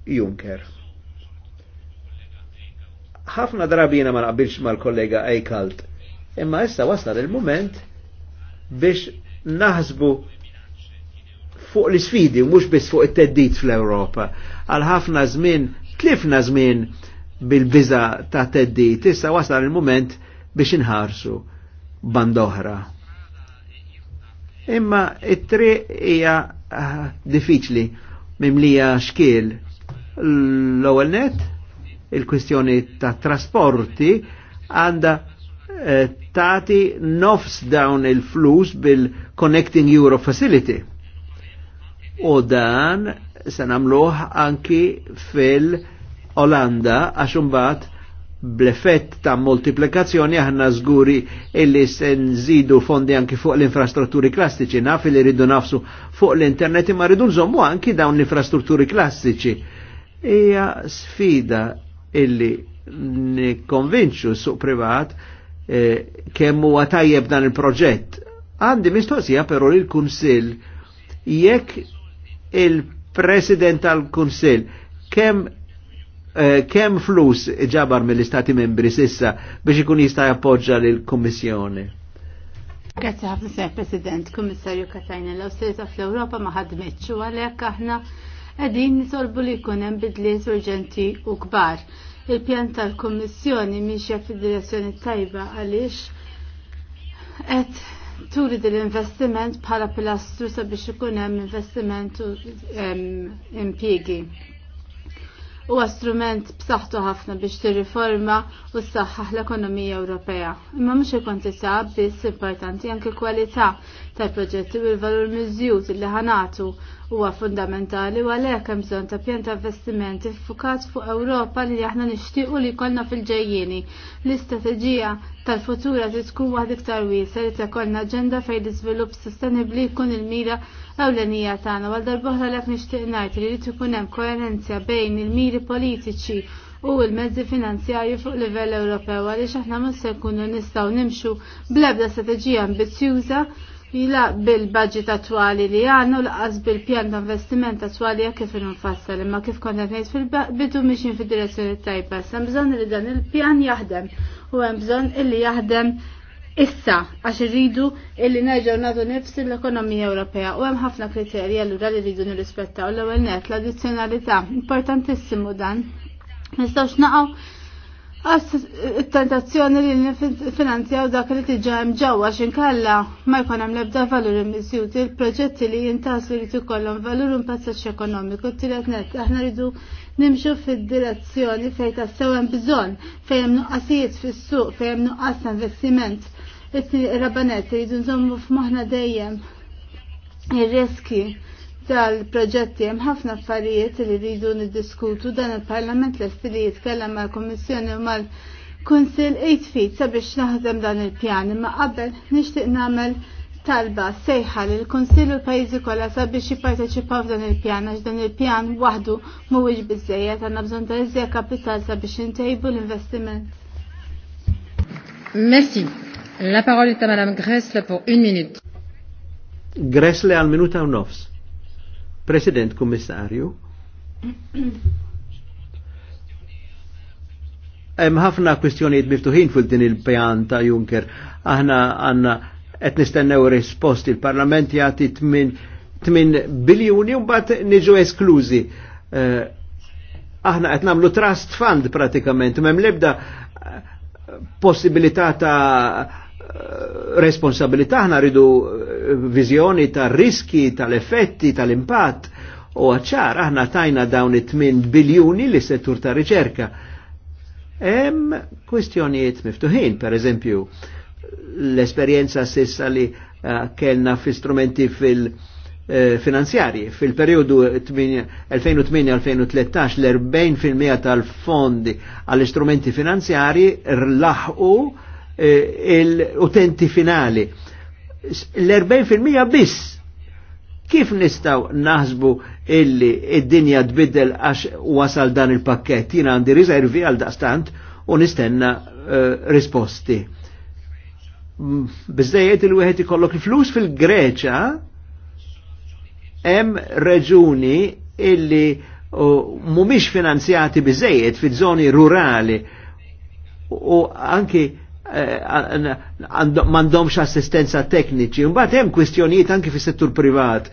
Juncker. Ħafna drabi jiena ma naqbilx mal-kollega Eikalt, imma issa wasal il-moment biex naħsbu fuq l-sfidi, mux biex fuq it-teddit fl-Europa. Għal ħafna żmien, tlifna żmien bil-biża ta' teddit, issa wasal il-moment biex inħarsu bandoħra imma it tri hija ah, diffiċli mimlija xkiel l-ewwel net il-kwistjoni ta' trasporti għanda eh, tati nofs dawn il-flus bil-Connecting Euro Facility. U dan se namluħ anki fil-Olanda għax bat blefett ta' moltiplikazzjoni aħna żguri illi sen nżidu fondi anki fuq l-infrastrutturi klassiċi naf li rridu nafsu fuq l-internet imma rridu nżommu anki dawn l-infrastrutturi klassiċi. Hija sfida illi nikkonvinċu suq privat eh, kemm huwa tajjeb dan il-proġett. Għandi mistoqsija però il kunsill jekk il-President tal-Kunsill kemm Eh, kem flus ġabar mill-istati membri sissa biex ikun jista' jappoġġa lill-Kummissjoni. Grazie ħafna Sr. President, Kummissarju Katajna, l-Awsterita fl-Ewropa ma ħadmitx u għalhekk aħna qegħdin nisolbu li jkun hemm bidliet urġenti u kbar. Il-pjan tal-Kummissjoni mixja fid-direzzjoni tajba għaliex qed turi dil-investiment bħala pilastru sabiex ikun hemm investiment u impjiegi huwa strument b'saħħtu ħafna biex tirriforma u s-saħħaħ l-ekonomija Ewropea. Imma mhux il-kwantità biss importanti anke kwalità tal-proġetti u l-valur miżjut li ħanatu huwa fundamentali u għalhekk hemm bżonn ta' pjan ta' investimenti ffukat fuq Ewropa li aħna nixtiequ li jkollna fil-ġejjieni. L-istrateġija tal-futura trid tkun waħda iktar wiesa li tkollna aġenda fejn l-iżvilupp sostenibbli jkun il-mira ewlenija tagħna għal darb'oħra lek nixtieq ngħid li rid ikun hemm koerenzja bejn il-miri politiċi u l-mezzi finanzjarji fuq livell Ewropew għaliex aħna mhux se nkunu nistgħu nimxu bl-ebda strateġija ambizzjuża Ila bil-budget attwali li għannu l-qas bil-pjan ta' investiment attuali għak kif nfassal imma kif konna ngħid fil-bidu mixin fid-direzzjoni tajba. Sem bżonn li dan il-pjan jaħdem u hemm bżonn illi jaħdem Issa, għax rridu illi nerġaw nadu nifsi l-ekonomija Ewropea u hemm ħafna kriterji allura li rridu nirrispettaw l-ewwel net l-addizzjonalità. Importantissimu dan. Nistgħux naqgħu Għas eh, tentazzjoni li finanzjaw dak li tiġa hemm ġewwa x'inkalla ma jkun hemm l-ebda valur immissjut il-proġetti li jintaslu li tikollhom valur impazzax ekonomiku t tielet net aħna rridu nimxu fid-direzzjoni fejn tassew hemm bżonn fejn hemm nuqqasijiet fis-suq fejn hemm nuqqas investiment. Isni rabanet rridu nżommu f'moħħna dejjem ir-riski tal-proġetti hemm ħafna affarijiet li rridu niddiskutu dan il-Parlament lest li jitkellem mal-Kummissjoni u mal-Kunsill eight feet sabiex naħdem dan il-pjan imma qabel nixtieq nagħmel talba sejħa li l-Kunsill u l-pajjiżi kollha sabiex jipparteċipaw f'dan il-pjan għax dan il-pjan waħdu mhuwiex biżejjed għandna bżonn ta' iżja kapital sabiex intejbu l-investiment. Merci. La parole est à Madame Gressle pour une minute. Gressle għal minuta u nofs. President Kummissarju. Hemm ħafna kwistjonijiet miftuħin fil din il-pjan ta' Juncker. Aħna għandna qed nistennew risposti il-Parlament jagħti 8 biljuni u mbagħad niġu esklużi. Eh, aħna qed nagħmlu trust fund pratikament, m'hemm lebda possibilità ta' responsabilità, ħna ridu eh, viżjoni ta' riski, tal-effetti, tal-impatt u għacċar aħna tajna dawn it-8 biljuni li settur ta' riċerka. Hemm kwistjonijiet miftuħin, per eżempju, l-esperjenza sissa li uh, kellna fi strumenti fil- eh, finanzjarji. Fil-periodu 2008-2013 l-40% tal-fondi għall-istrumenti finanzjarji rlaħqu Eh, l utenti finali. L-40% biss. Kif nistaw naħsbu illi id-dinja tbiddel għax wasal dan il-pakket? Jina għandi riservi għal daqstant u nistenna eh, risposti. Bizzejiet il-wieħed ikollok il-flus fil-Greċa hemm reġuni illi eh, mumiex finanzjati bizzejiet fi zoni rurali u anki mandomx assistenza tekniċi. Mbagħad hemm kwistjonijiet anki fis-settur privat.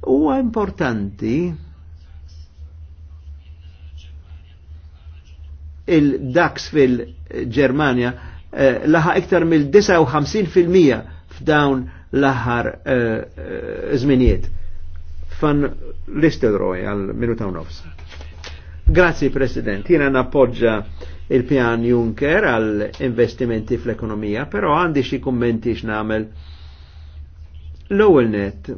Huwa importanti il-DAX fil-Germania eh, laħa iktar mill-59% f'dawn l-aħħar eh, żminijiet. Fan l istedroj għal minuta u nofs. Grazzi President, jina nappoġġa il-pjan Juncker għal investimenti fl-ekonomija, però għandi xi kummenti x'namel l-ewwel net.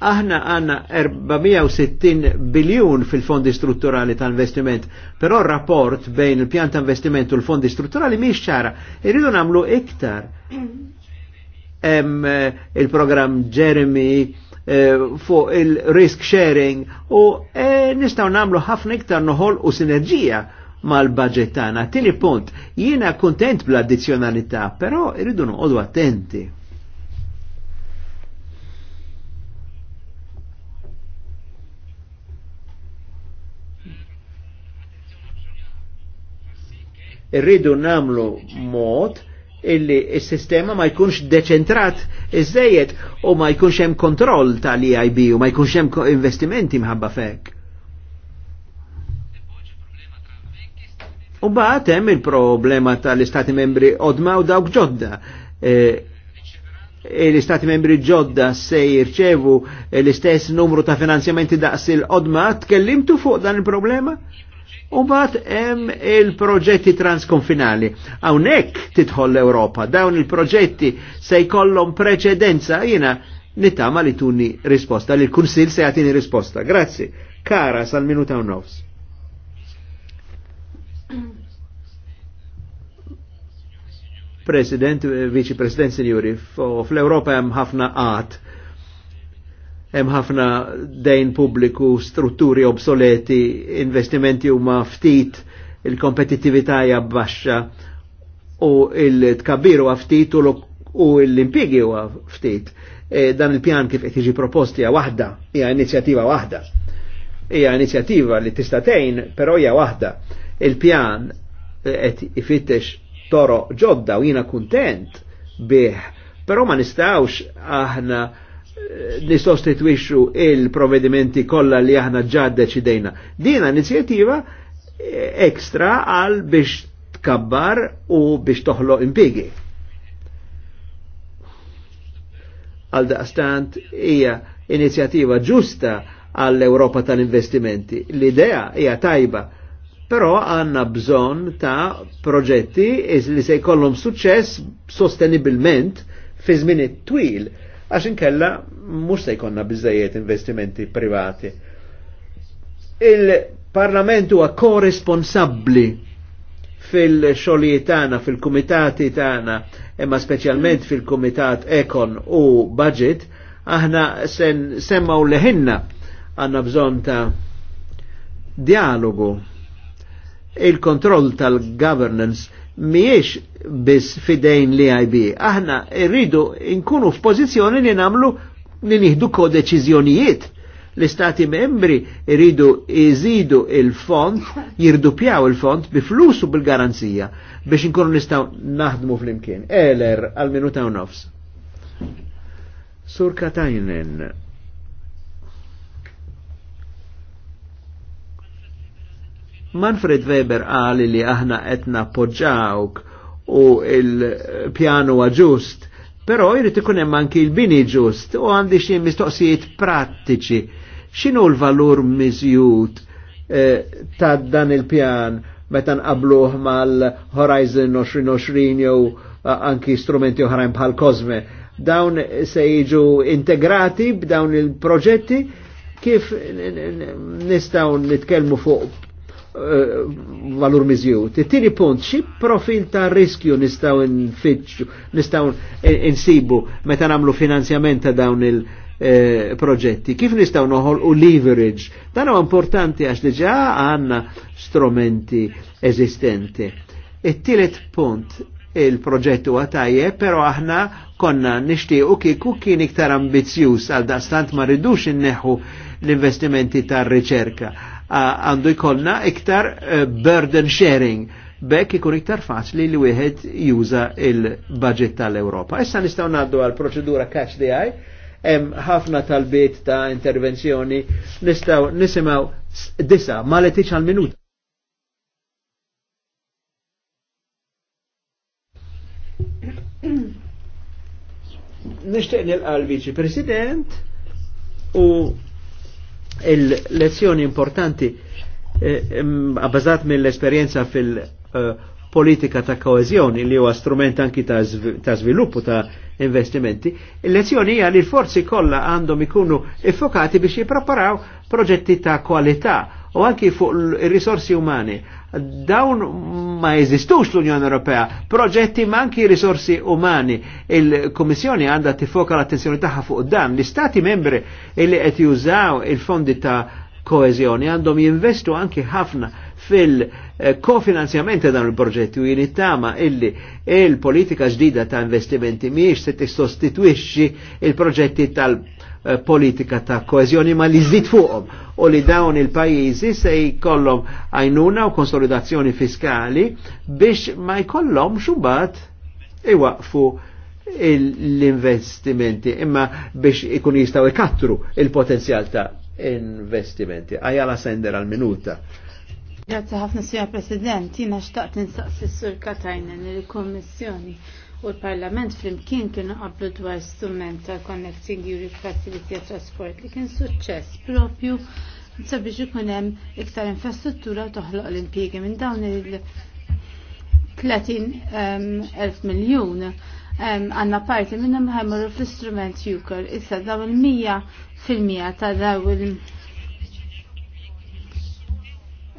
Aħna għanna 460 biljun fil-fondi strutturali ta' investiment, però rapport bejn il-pjan ta' investiment u l-fondi strutturali miex ċara, irridu namlu iktar. Em, eh, il-program Jeremy, Eh, fuq il-risk sharing u eh, nistaw namlu ħafna iktar noħol u sinerġija mal-budget tagħna. Tieni punt, jiena kontent bl-addizzjonalità, però irridu noqogħdu attenti. Irridu namlu mod illi il-sistema ma jkunx deċentrat iżdejiet u ma jkunx hemm kontroll tal-EIB u ma jkunx hemm investimenti mħabba fek. U baħt hemm il-problema tal-Istati membri odma u dawk ġodda. E, e, l-Istati membri ġodda se jirċevu l-istess numru ta' finanzjamenti daqs il-odma, tkellimtu fuq dan il-problema? U bat hemm il-proġetti transkonfinali. Hawnhekk titħol l europa dawn il-proġetti se jkollhom preċedenza jina nittama li tuni risposta, li l-Kunsil se jatini risposta. Grazzi. Kara sal-minuta u nofs. President, Vice President signori, fl-Europa jem ħafna għat hemm ħafna dejn pubbliku, strutturi obsoleti, investimenti huma ftit, il-kompetittività hija baxxa u l tkabbir huwa ftit u l-impjegi huwa ftit. E dan il-pjan kif qed jiġi proposti hija waħda, hija inizjattiva waħda. Hija inizjattiva li tista' tgħin, però hija waħda. Il-pjan qed ifittex toro ġodda u jiena kuntent bih, però ma nistgħux aħna li sostituixxu il-provvedimenti kollha li aħna ġadda ċidejna. Dina inizjattiva eh, ekstra għal biex tkabbar u biex toħloq impiegi. Għal daqstant hija inizjattiva ġusta għall-Europa tal-investimenti. L-idea hija tajba, però għanna bżon ta' proġetti li se jkollhom suċċess sostenibilment fi żmien twil għax inkella mhux se jkollna biżejjed investimenti privati. Il-Parlament huwa korresponsabbli fil-xogħlijiet fil-kumitati Tana, imma speċjalment fil-kumitat Ekon u Budget, aħna sen semmaw leħinna għanna bżon ta' dialogu il-kontroll tal-governance miex biss fidejn li IB. Aħna rridu nkunu f'pożizzjoni li namlu li nieħdu kodeċiżjonijiet. L-istati membri rridu iżidu il-font, jirdupjaw il-font bi flus u bil-garanzija biex nkunu nistaw naħdmu fl-imkien. Eler għal-minuta u nofs. Sur Katajnen, Manfred Weber għali li aħna etna poġġawk u il-pjanu ġust, pero jrid ikun hemm anki l-bini ġust u għandi xi mistoqsijiet prattiċi. X'inhu l-valur miżjud eh, ta' dan il-pjan meta nqabluh mal-Horizon 2020 jew eh, anki strumenti oħrajn bħal Cosme. Dawn se jiġu integrati b'dawn il-proġetti kif nistaw nitkellmu fuq Eh, valur mizjut. Tini punt, xi profil ta' riskju nistaw nfittxu, nistaw insibu meta namlu finanzjament ta' dawn il- eh, proġetti. Kif nistaw noħol u leverage? Dan huwa importanti għax diġà għandna strumenti eżistenti. It-tielet punt il-proġett huwa tajje, però aħna konna nixtiequ kieku kien iktar ambizzjuż għal daqstant ma rridux inneħħu l-investimenti tar-riċerka għandu jkollna iktar eh, burden sharing. Bekk ikun iktar faċli li wieħed juża il-budget tal-Ewropa. Issa nistgħu ngħaddu għal proċedura catch the eye, hemm ħafna tal-bit ta' intervenzjoni nistgħu nisimgħu disa maletiċ għal minuta. Nishtiq nilqa l-Viċi President u il-lezzjoni importanti għabbażat eh, mill-esperienza fil-politika ta' koezjoni li huwa strument anki ta' sviluppu ta' investimenti, il-lezzjoni hija li l-forzi kollha għandhom ikunu effokati biex jippreparaw proġetti ta' kwalità u anki fuq il-risorsi umani dawn ma jeżistux l-Unjoni Ewropea, proġetti manki risorsi umani. Il-Kommissjoni għandha tifoka l-attenzjoni tagħha fuq dan. L-Istati membri li qed jużaw il-fondi ta' koezjoni għandhom jinvestu anki ħafna fil-kofinanzjament dan il-proġetti u jinittama illi il-politika ġdida ta' investimenti miex se tistostitwixxi il-proġetti tal- Eh, politika ta' koezjoni ma li zid fuqhom u li dawn il-pajjiżi se jkollhom għajnuna u konsolidazzjoni fiskali biex ma jkollhom xubat iwaqfu l-investimenti imma biex ikun jistaw ikattru il-potenzjal ta' investimenti. Ajala sender għal-minuta. Grazie ħafna, Sija President. Jina xtaqt ninsaqsi s-sur Katajnen il-Kommissjoni u l-Parlament flimkien kienu qablu dwar strument ta' Connecting Europe Facility ta' transport. li kien suċċess propju sabiex ikun hemm iktar infrastruttura toħloq l-impjiegi minn dawn il- 30 um, miljun um, għanna parti minnhom ħemmru fl-istrument Juker. Issa daw il-100 fil-mija ta' daw il-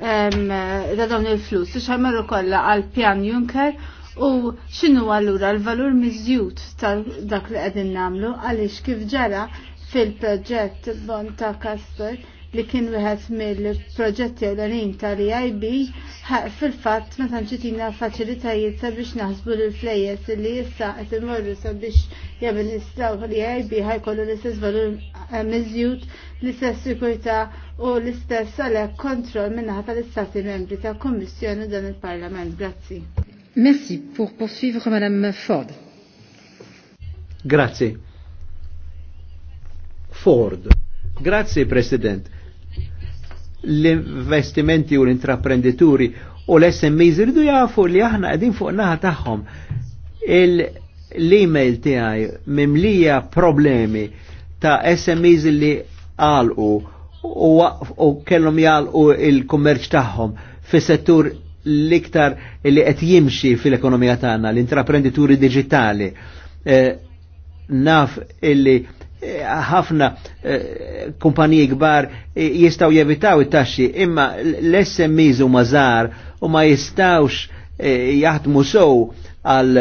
da um, dawn il-flus. xa marru kolla għal pjan Juncker U x'inhu allura l-valur miżjud tal dak li qegħdin nagħmlu għaliex kif ġara fil-proġett Bon ta' Kasper li kien wieħed mill-proġetti ewlenin tal-EIB fil-fatt meta nġitina faċilitajiet sabiex naħsbu l flejjes li issa qed imorru sabiex jagħmel istaw l-EIB ħajkollu l-istess valur eh, miżjud l-istess sikurità u l-istess għalhekk kontroll min-naħa tal-Istati Membri ta' Kummissjoni dan il-Parlament. Grazzi. Merci. Pour poursuivre, Madame Ford. Grazie. Ford. Grazie, President. L-investimenti u l-intraprendituri u l-SMEs irridu jafu li aħna għedin fuq naħa tagħhom. L-email tiegħi mimlija problemi ta' SMEs li għalqu u kellhom jgħalqu il-kummerċ tagħhom fis-settur l-iktar li qed jimxi fil-ekonomija tagħna, l-intraprendituri digitali. Eh, naf illi eh, ħafna eh, kumpaniji kbar eh, jistaw jevitaw it-taxxi, imma l-SMEs u mażar u ma jistawx jaħdmu sow għal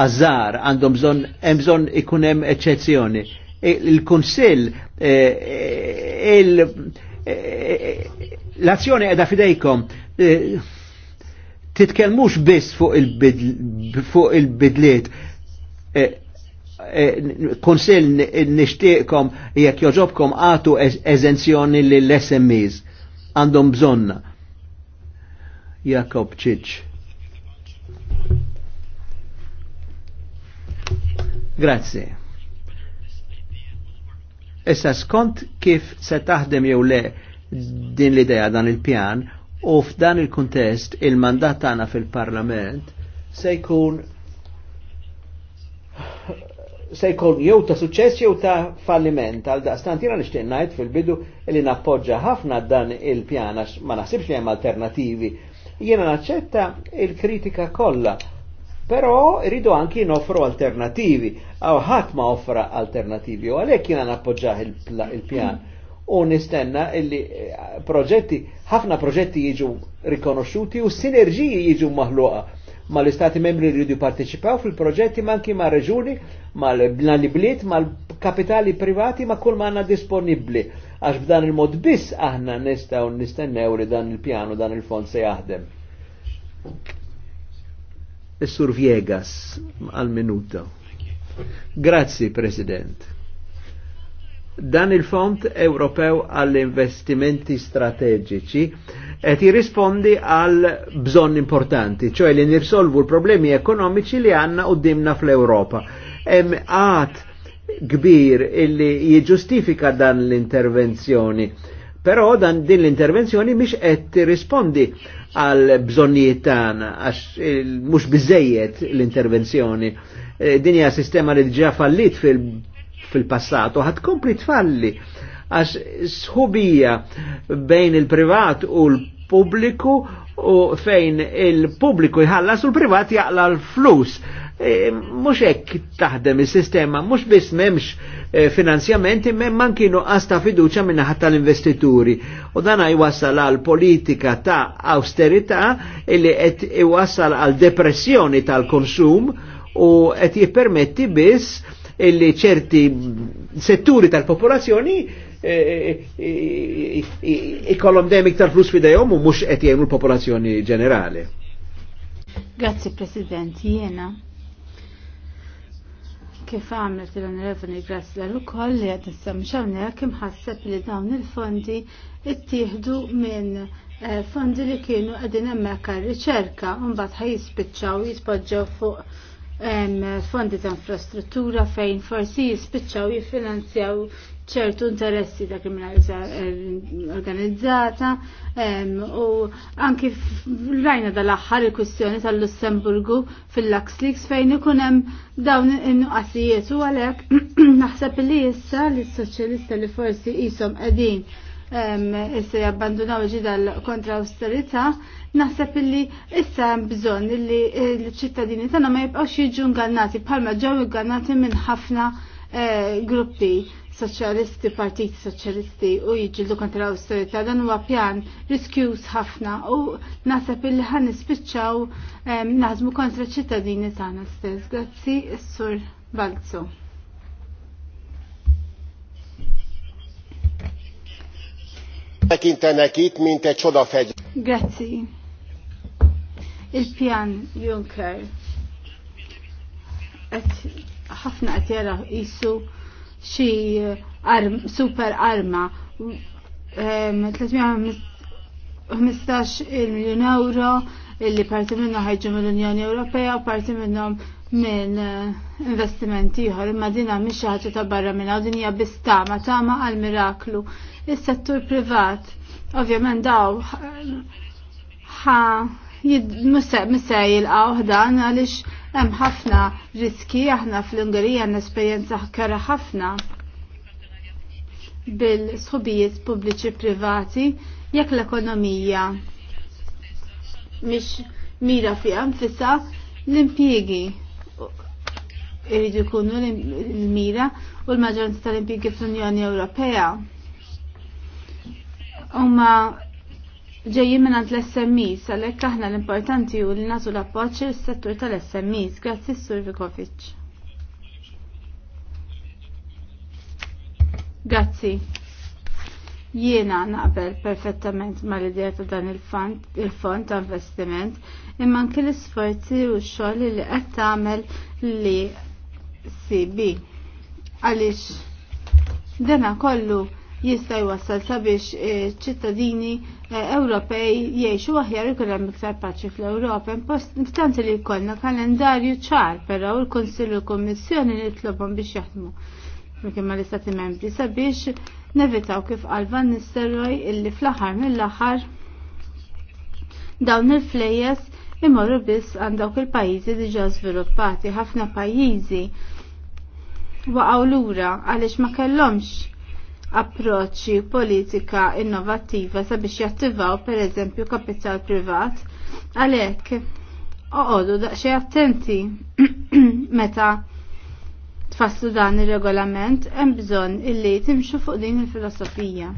azzar għandhom bżon hemm bżonn ikun hemm eċċezzjoni. Il-Kunsill il L-azzjoni edha fidejkom eh, titkelmux biss fuq il-bidliet. Eh, eh, konsil nishtiqkom jekk joġobkom għatu eżenzjoni l-SMEs għandhom bżonna. Jakob Ċiċ. Grazie. Issa skont kif se taħdem jew le din l-idea dan il-pjan u f'dan il-kuntest il-mandat tagħna fil-Parlament se jkun se jkun jew ta' suċċess jew ta' falliment għal daqstant jiena nixtieq ngħid fil-bidu li nappoġġa ħafna dan il-pjan għax ma naħsibx li hemm alternativi jiena naċċetta il-kritika kollha Però rridu anki noffru alternativi, Aw ħadd ma offra alternativi, u għalhekk jiena nappoġġah il-pjan. U nistenna illi eh, proġetti, ħafna proġetti jiġu rikonoxxuti u sinerġiji jiġu maħluqa ma l-istati membri li jridu parteċipaw fil-proġetti ma anki ma reġuni, mal l-bliet, kapitali privati, ma kull ma għanna disponibli. Għax b'dan il-mod biss aħna nistaw nistennew li dan il-pjanu, dan il-fond se jaħdem sur Viegas al minuto. Grazie President. Dan il-Fond Ewropew għall-investimenti strategiċi qed jirrispondi għal bżonn importanti, ċoe li nirsolvu l-problemi ekonomiċi li għanna qudiemna fl-Ewropa. Hemm għad kbir illi jiġustifika dan l-intervenzjoni. Però dan din l-intervenzjoni mhix qed tirrispondi għal bżonnijiet tagħna għax eh, mhux biżejjed l-intervenzjoni. Eh, din hija sistema li diġà fallit fil-passat u ħad kompli tfalli għax sħubija bejn il-privat u l-pubbliku u fejn il-pubbliku jħallas u l-privat jaqla l-flus. E, mux ekk taħdem il-sistema, mux biss memx e, finanzjamenti, mem man kienu għasta fiduċa ħatta tal-investituri. U dan jwassal għal politika ta' austerita illi qed jwassal għal depressjoni tal-konsum u qed jippermetti biss illi ċerti setturi tal-popolazzjoni ikollhom e, e, e, dejjem iktar flus fidejhom u mhux qed jgħinu l-popolazzjoni ġenerali. Grazzi President, jiena kif għamlet l-onorevoli Grassler u koll li għad nissamxawnek imħasseb li dawn il-fondi ittieħdu minn fondi li kienu għedin emmek riċerka ħaj ħajispiċċaw jispoġġaw fuq fondi ta' infrastruttura fejn forsi jispiċċaw jifinanzjaw ċertu interessi ta' kriminalizza eh, organizzata u anki rajna dal-aħħar il-kwistjoni tal-Lussemburgu fil-Lux Leaks fejn ikun hemm dawn in-nuqqasijiet u għalhekk <clears throat> naħseb li issa li s-soċjalista li forsi qishom qegħdin issa jabbandunaw ġidal kontra austerita naħseb illi issa hemm bżonn li l-ċittadini tagħna ma jibqgħux jiġu ngannati bħalma ġew ingannati minn ħafna eh, gruppi soċjalisti, partiti soċjalisti u jġildu kontra l austerita dan huwa pjan riskjuż ħafna u naħseb illi ħan nispiċċaw naħdmu kontra ċittadini tagħna stess. Grazzi s-sur Balzo. Grazzi. Il-pjan Juncker. Ħafna qed jara xi arm, super arma 315 miljon euro illi parti minnhom ħajġu mill-Unjoni Ewropea u parti minnhom minn eh, investimenti ieħor imma din hemm xi ħaġa ta' barra minnha hawn din hija bistama tama għal miraklu. Is-settur privat ovvjament daw ħa jid musa jilqgħu dan għaliex Hemm ħafna riski aħna fl-Ungerija nesperjenza kara ħafna bil-sħubijiet pubbliċi privati jekk l-ekonomija mhix mira fiha nfisha l-impjiegi iridu jkunu l-mira u l-maġġoranza tal-impjiegi fl-Unjoni Ewropea. Huma ġejjin minn għand l-SMEs, għalhekk aħna l-importanti u li nagħtu l-appoġġ is-settur tal-SMEs. Grazzi Sur Vikovic. Grazzi. Jiena naqbel perfettament mal-idea ta' dan il-fond ta' investiment imma anke l-isforzi u x-xogħol li qed tagħmel li CB. Għaliex dena kollu jista' jwassal sabiex eh, ċittadini Ewropej jiexu aħjar ikun hemm iktar paċi fl-Ewropa. Importanti li jkollna kalendarju ċar, però l-Kunsill u l nitlobhom biex jaħdmu kien ma l-istati membri sabiex nevitaw kif qal Van Nistelrooy illi fl-aħħar mill-aħħar dawn il-flejjes imorru biss għand dawk il-pajjiżi diġà żviluppati ħafna pajjiżi waqgħu lura għaliex ma kellhomx approċċi politika innovattiva sabiex jattivaw per eżempju kapital privat għalhekk oqogħdu daqsxejn attenti <clears throat> meta tfasslu dan ir-regolament hemm bżonn illi timxu fuq din il-filosofija.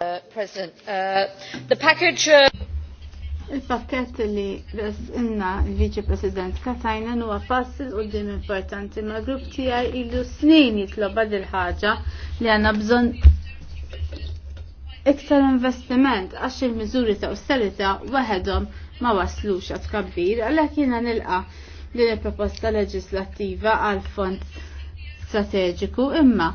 Uh, President, uh, the package uh... Il-pakket li inna il-Viċi President Katajna huwa fassil il qudiem importanti ma' grupp tiegħi ilu snin jitloba dil ħaġa li għanna bżonn iktar investiment għax il-miżuri ta' austerità waħedhom ma waslux għat kabbir għalhekk jiena nilqa li l-proposta leġislattiva għal fond strateġiku imma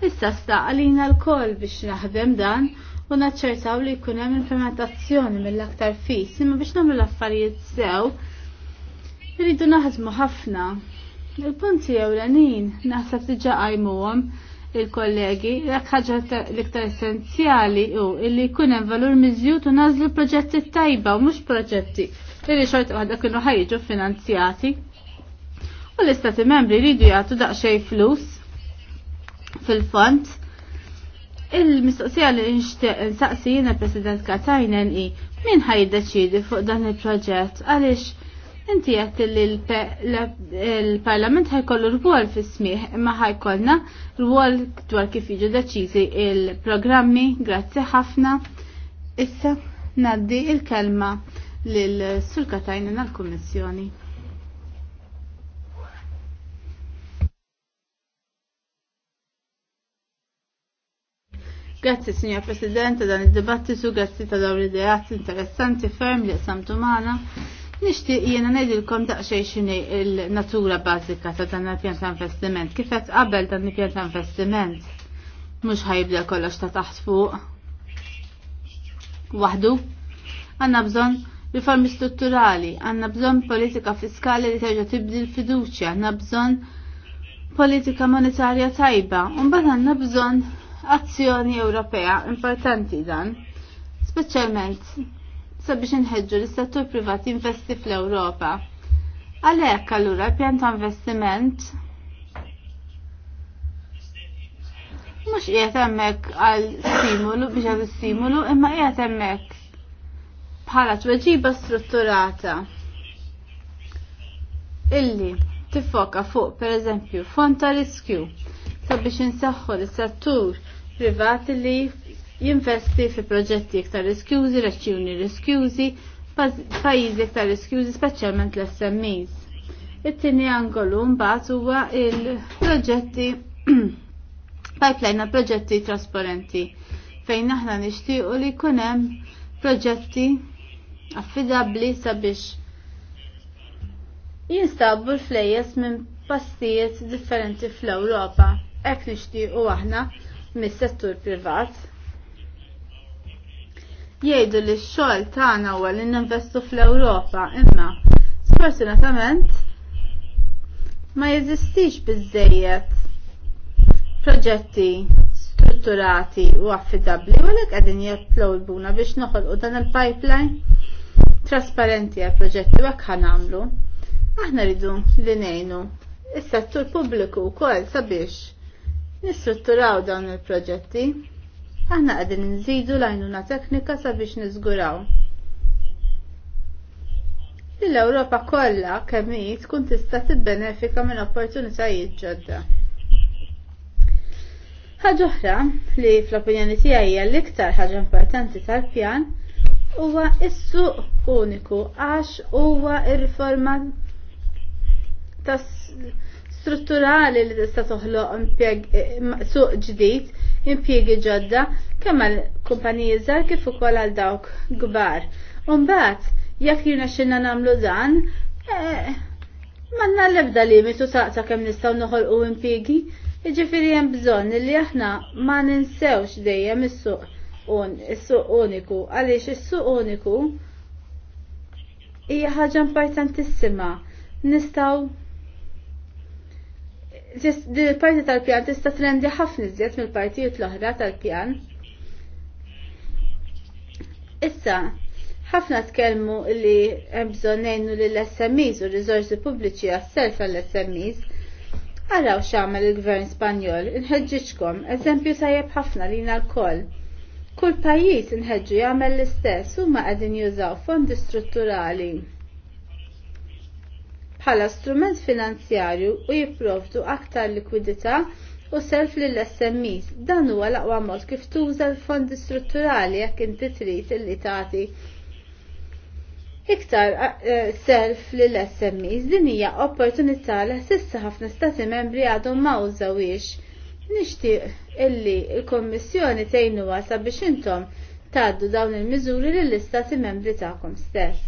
issa staqalina għalina l-koll biex naħdem dan u naċċertaw li jkun hemm implementazzjoni mill-aktar fis, imma biex nagħmlu l-affarijiet sew irridu naħdmu ħafna. Il-punti ewlenin naħseb diġà qajmuhom il-kollegi jekk ħaġa l-iktar essenzjali hu illi jkun hemm valur miżjud u nażlu proġetti tajba u mhux proġetti li xorta waħda kienu ħajġu finanzjati. U l-istati membri jridu jagħtu daqsxejn flus fil-fond Il-mistoqsija li nxtieq nsaqsi jiena President Katajnen i min ħajdeċidi fuq dan il-proġett għaliex inti qed li l-Parlament ħajkollu rwol fis-smieħ imma ħajkollna rwol dwar kif jiġu deċiżi il-programmi grazzi ħafna. Issa naddi il-kelma lil Sur Katajnen għall-Kummissjoni. Grazzi, Signor Presidente, dan il-dibattitu, grazzi ta' dawn l-ideat interessanti ferm li samtu mana. Nishti jena nedilkom ta' xini il-natura bazika ta' dan il-pjan ta' investiment. Kifet qabel dan il-pjan ta' investiment, mux ħajibda kollox ta' taħt fuq. Wahdu, għanna bżon riformi strutturali, għanna bżon politika fiskali li terġa tibdil fiduċja, għanna bżon politika monetarja tajba, un għanna bżon azzjoni Ewropea importanti dan, speċjalment sabiex inħeġġu li settur privat jinvesti fl-Ewropa. Għalhekk allura l-pjan ta' investiment mux qiegħed hemmhekk għal stimulu biex għal stimulu imma qiegħed hemmhekk bħala tweġiba strutturata illi tiffoka fuq per eżempju fond ta' riskju sabiex insaħħu l-settur privat li jinvesti fi proġetti iktar riskjużi, reċjuni riskjużi, pajjiżi iktar riskjużi, speċjalment l-SMEs. It-tieni angolu mbagħad huwa il-proġetti <clears throat> pipeline proġetti trasparenti fejn aħna nixtiequ li jkun hemm proġetti affidabbli sabiex jinstabu l-flejjes minn pastijiet differenti fl-Ewropa hekk nixtiequ aħna mis-settur privat. Jgħidu li x-xogħol tagħna huwa li ninvestu fl-Ewropa, imma sfortunatament ma jeżistix biżejjed proġetti strutturati u affidabbli u għalek għadin buna biex noħolqu dan il-pipeline trasparenti għal proġetti għak ħanamlu. Aħna ridu li ngħinu Is-settur pubbliku wkoll sabiex Nistrutturaw dawn il-proġetti. Aħna qegħdin nżidu l-għajnuna teknika sabiex niżguraw. L-Ewropa kollha kemm hi tkun tista' tibbenefika minn opportunitajiet ġodda. Ħaġa oħra li fl-opinjoni tiegħi hija l-iktar ħaġa importanti tal-pjan huwa s suq uniku għax huwa ir-riforma tas strutturali li tista' toħloq eh, suq ġdid impjiegi ġodda kemm għal kumpaniji żgħar kif ukoll għal dawk kbar. Umbagħad jekk jirna xinna nagħmlu dan, eh, manna l-ebda li mitu taqsa kemm nistgħu noħolqu impjiegi, jiġifieri hemm bżonn li aħna ma ninsewx dejjem is-suq is-suq uniku għaliex is-suq uniku hija ħaġa importantissima. Nistgħu il parti tal-pjan tista' trendi ħafna iżjed mill-partijiet l-oħra tal-pjan. Issa, ħafna tkellmu li hemm bżonn ngħinu lill smis u r-riżorsi pubbliċi għas-self għall-SMEs. Araw x'għamel il-Gvern Spanjol, inħeġġiġkom, eżempju tajjeb ħafna lina l-koll. Kull pajjiż inħeġġu jagħmel l-istess huma qegħdin jużaw fondi strutturali bħala strument finanzjarju u jipprovdu aktar likwidità u self lill smis Dan huwa l-aqwa mod kif tuża l-fondi strutturali jekk inti trid illi tagħti iktar eh, self lill smis din hija opportunità li sissa ħafna stati membri għadhom ma użawiex. Nixtieq illi l-Kommissjoni tgħinuha sabiex intom tgħaddu dawn il-miżuri lill-istati membri tagħkom stess.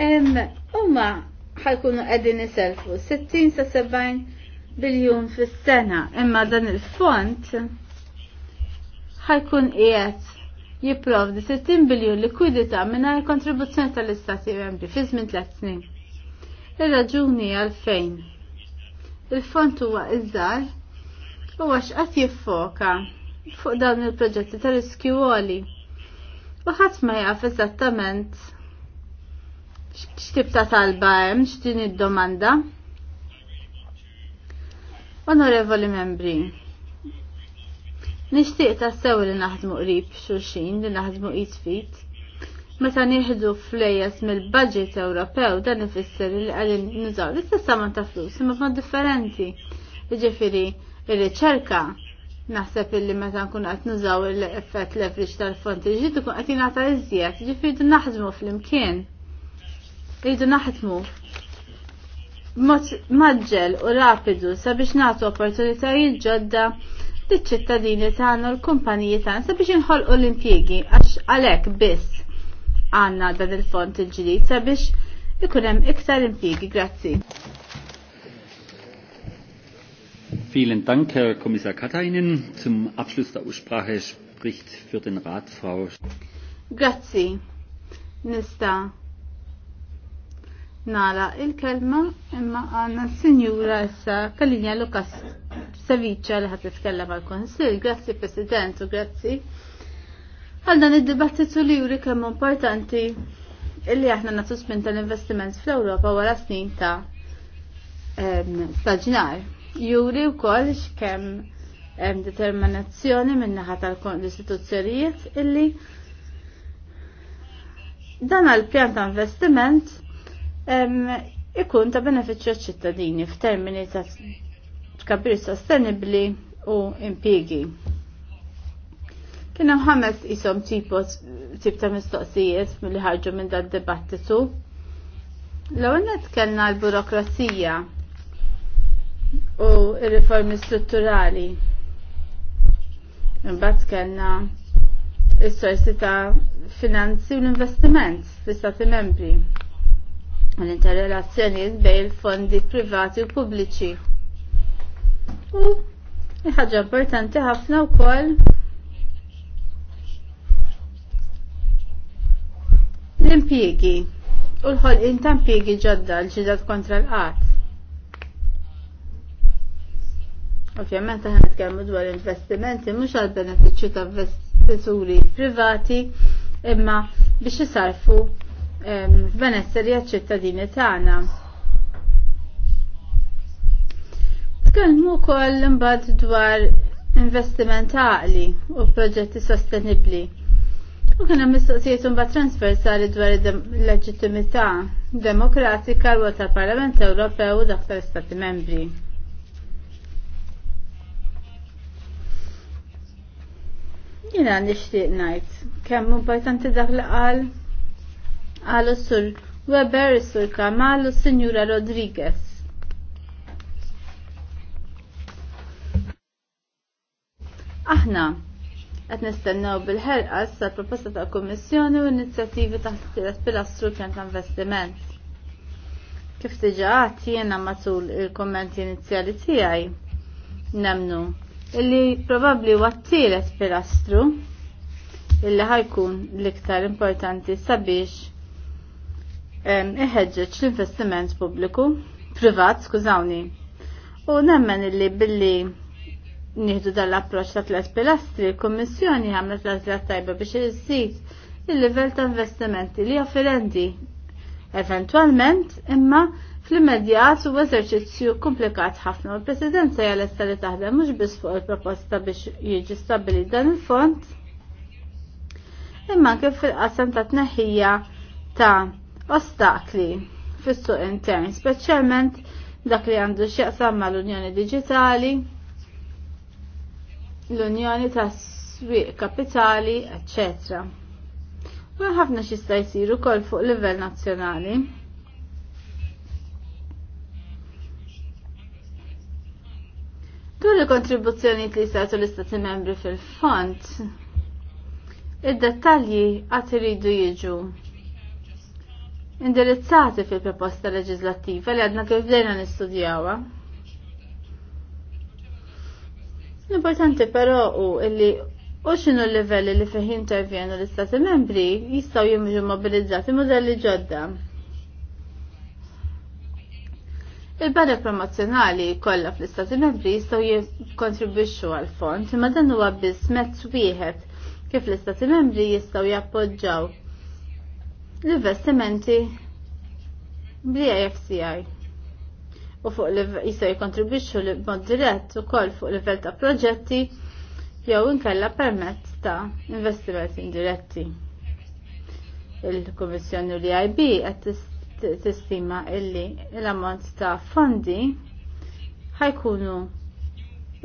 Umma ħajkunu għedin iselfu 60 sa 70 biljun fis-sena, imma dan il-font ħajkun qiegħed jipprovdi 60 biljun likwidità mingħajr kontribuzzjoni tal-Istati Membri fi żmien tliet snin. Ir-raġuni għalfejn il-font huwa iżgħar u għax qed jiffoka fuq dawn il-proġetti tal-iskjuoli u ħadd ma jaf eżattament x'tib ta' talba hemm x'din id-domanda? Onorevoli membri, nixtieq tassew li naħdmu qrib xulxin li naħdmu fit. Meta nieħdu flejjes mill-budget Ewropew dan ifisser li qegħdin nużaw l-istess man ta' flus imma b'mod differenti. Jiġifieri ir-riċerka naħseb illi meta nkun qed nużaw l-effett leverage tal-fonti ġid ikun qed jingħata iżjed, jiġifieri naħdmu fl-imkien. Rridu naħdmu maġġel u rapidu sabiex nagħtu opportunitajiet ġodda liċ-ċittadini tagħna u l-kumpaniji tagħna sabiex inħolqu l-impjiegi għax għalhekk biss għandna dan il-fond il-ġdid sabiex ikun hemm iktar impjiegi. Grazzi. Vielen Dank, Herr Kommissar Katainen. Zum Abschluss der Aussprache spricht für den Rat Frau. Grazie. Nista nala il-kelma imma għanna s-sinjura issa Kalinja Lukas Savicja li ħat titkellem għal konsil Grazzi President u grazzi għalna id-dibattitu li juri kemm importanti illi aħna natu spinta l-investiment fl-Ewropa wara snin ta' staġnar. Juri u koll x'kemm determinazzjoni minnaħa tal-istituzzjonijiet illi dan għal pjan ta' investiment ikun ta' benefiċċju ċittadini f'termini ta' tkabbir sostenibli u impiegi. Kien hemm ħames isom tip ta' mistoqsijiet milli ħarġu minn dan dibattitu. L-ewwel kellna l-burokrazija u r-riformi strutturali. Imbagħad kellna s-sorsi ta' finanzi u l-investiment fl-Stati membri l-interrelazzjoniet bej il-fondi privati u pubbliċi. U ħaġa importanti ħafna wkoll l-impjiegi u l-ħolqien ta' impjiegi ġodda l-ġidat kontra l-qatt. Ovvjament aħna nitkellmu dwar investimenti mhux għal benefiċċju ta' investituri privati imma biex isarfu benesseri għal tagħna. Tkellmu wkoll imbagħad dwar investiment għaqli u proġetti sostenibbli. U kien hemm mistoqsijiet imbagħad transversali dwar il-leġittimità demokratika l tal-Parlament Ewropew u dak Stati Membri. Jina nixtieq ngħid kemm importanti dak li qal għal sur Weber, sur Kamal, Signora Rodriguez. Aħna, qed nistennew bil ħerqas sa proposta ta' kummissjoni u inizjattivi ta' taħt pilastru pjan ta' investiment. Kif tiġaħat jena matul il-kommenti inizjali tiegħi nemnu, illi probabli għattilet pilastru, illi ħajkun l-iktar importanti sabiex iħeġġeġ l-investiment pubbliku, privat, skużawni. U nemmen illi billi nieħdu dal-approċċ ta' tliet pilastri, l-Kummissjoni għamlet l tajba biex irsit il-livell ta' investimenti li offerendi. Eventualment, imma fl-immedjat u eżerċizzju komplikat ħafna u l-Presidenza jalesta li taħdem mhux biss fuq il-proposta biex jiġi stabili dan il-fond, imma anke fil-qasam ta' tneħħija ta' ostakli fis-suq intern, speċjalment dak li għandu x'jaqsam mal-Unjoni digitali, l-Unjoni tas-Swieq Kapitali, etc. U ħafna xista jisiru ukoll fuq livell nazzjonali. Dur il-kontribuzzjoni li jistatu l-istati membri fil-fond, id-dettalji għat iridu jiġu indirizzati fil-proposta leġislattiva li għadna kif bdejna nistudjawha. L-importanti però u illi u xinu l-livelli li fih intervjenu l-Istati membri jistaw jimġu mobilizzati modelli ġodda. Il-bada promozjonali kollha fl-Istati Membri jistgħu jikkontribwixxu għal fond imma dan huwa biss mezz wieħed kif l-Istati Membri jistgħu jappoġġaw l-investimenti bl-AFCI u fuq jisa jikontribwixxu li mod dirett ukoll fuq livell ta' proġetti jew inkella permezz ta' investimenti indiretti. Il-Kummissjoni li ib qed tistima illi l-ammont ta' fondi ħajkunu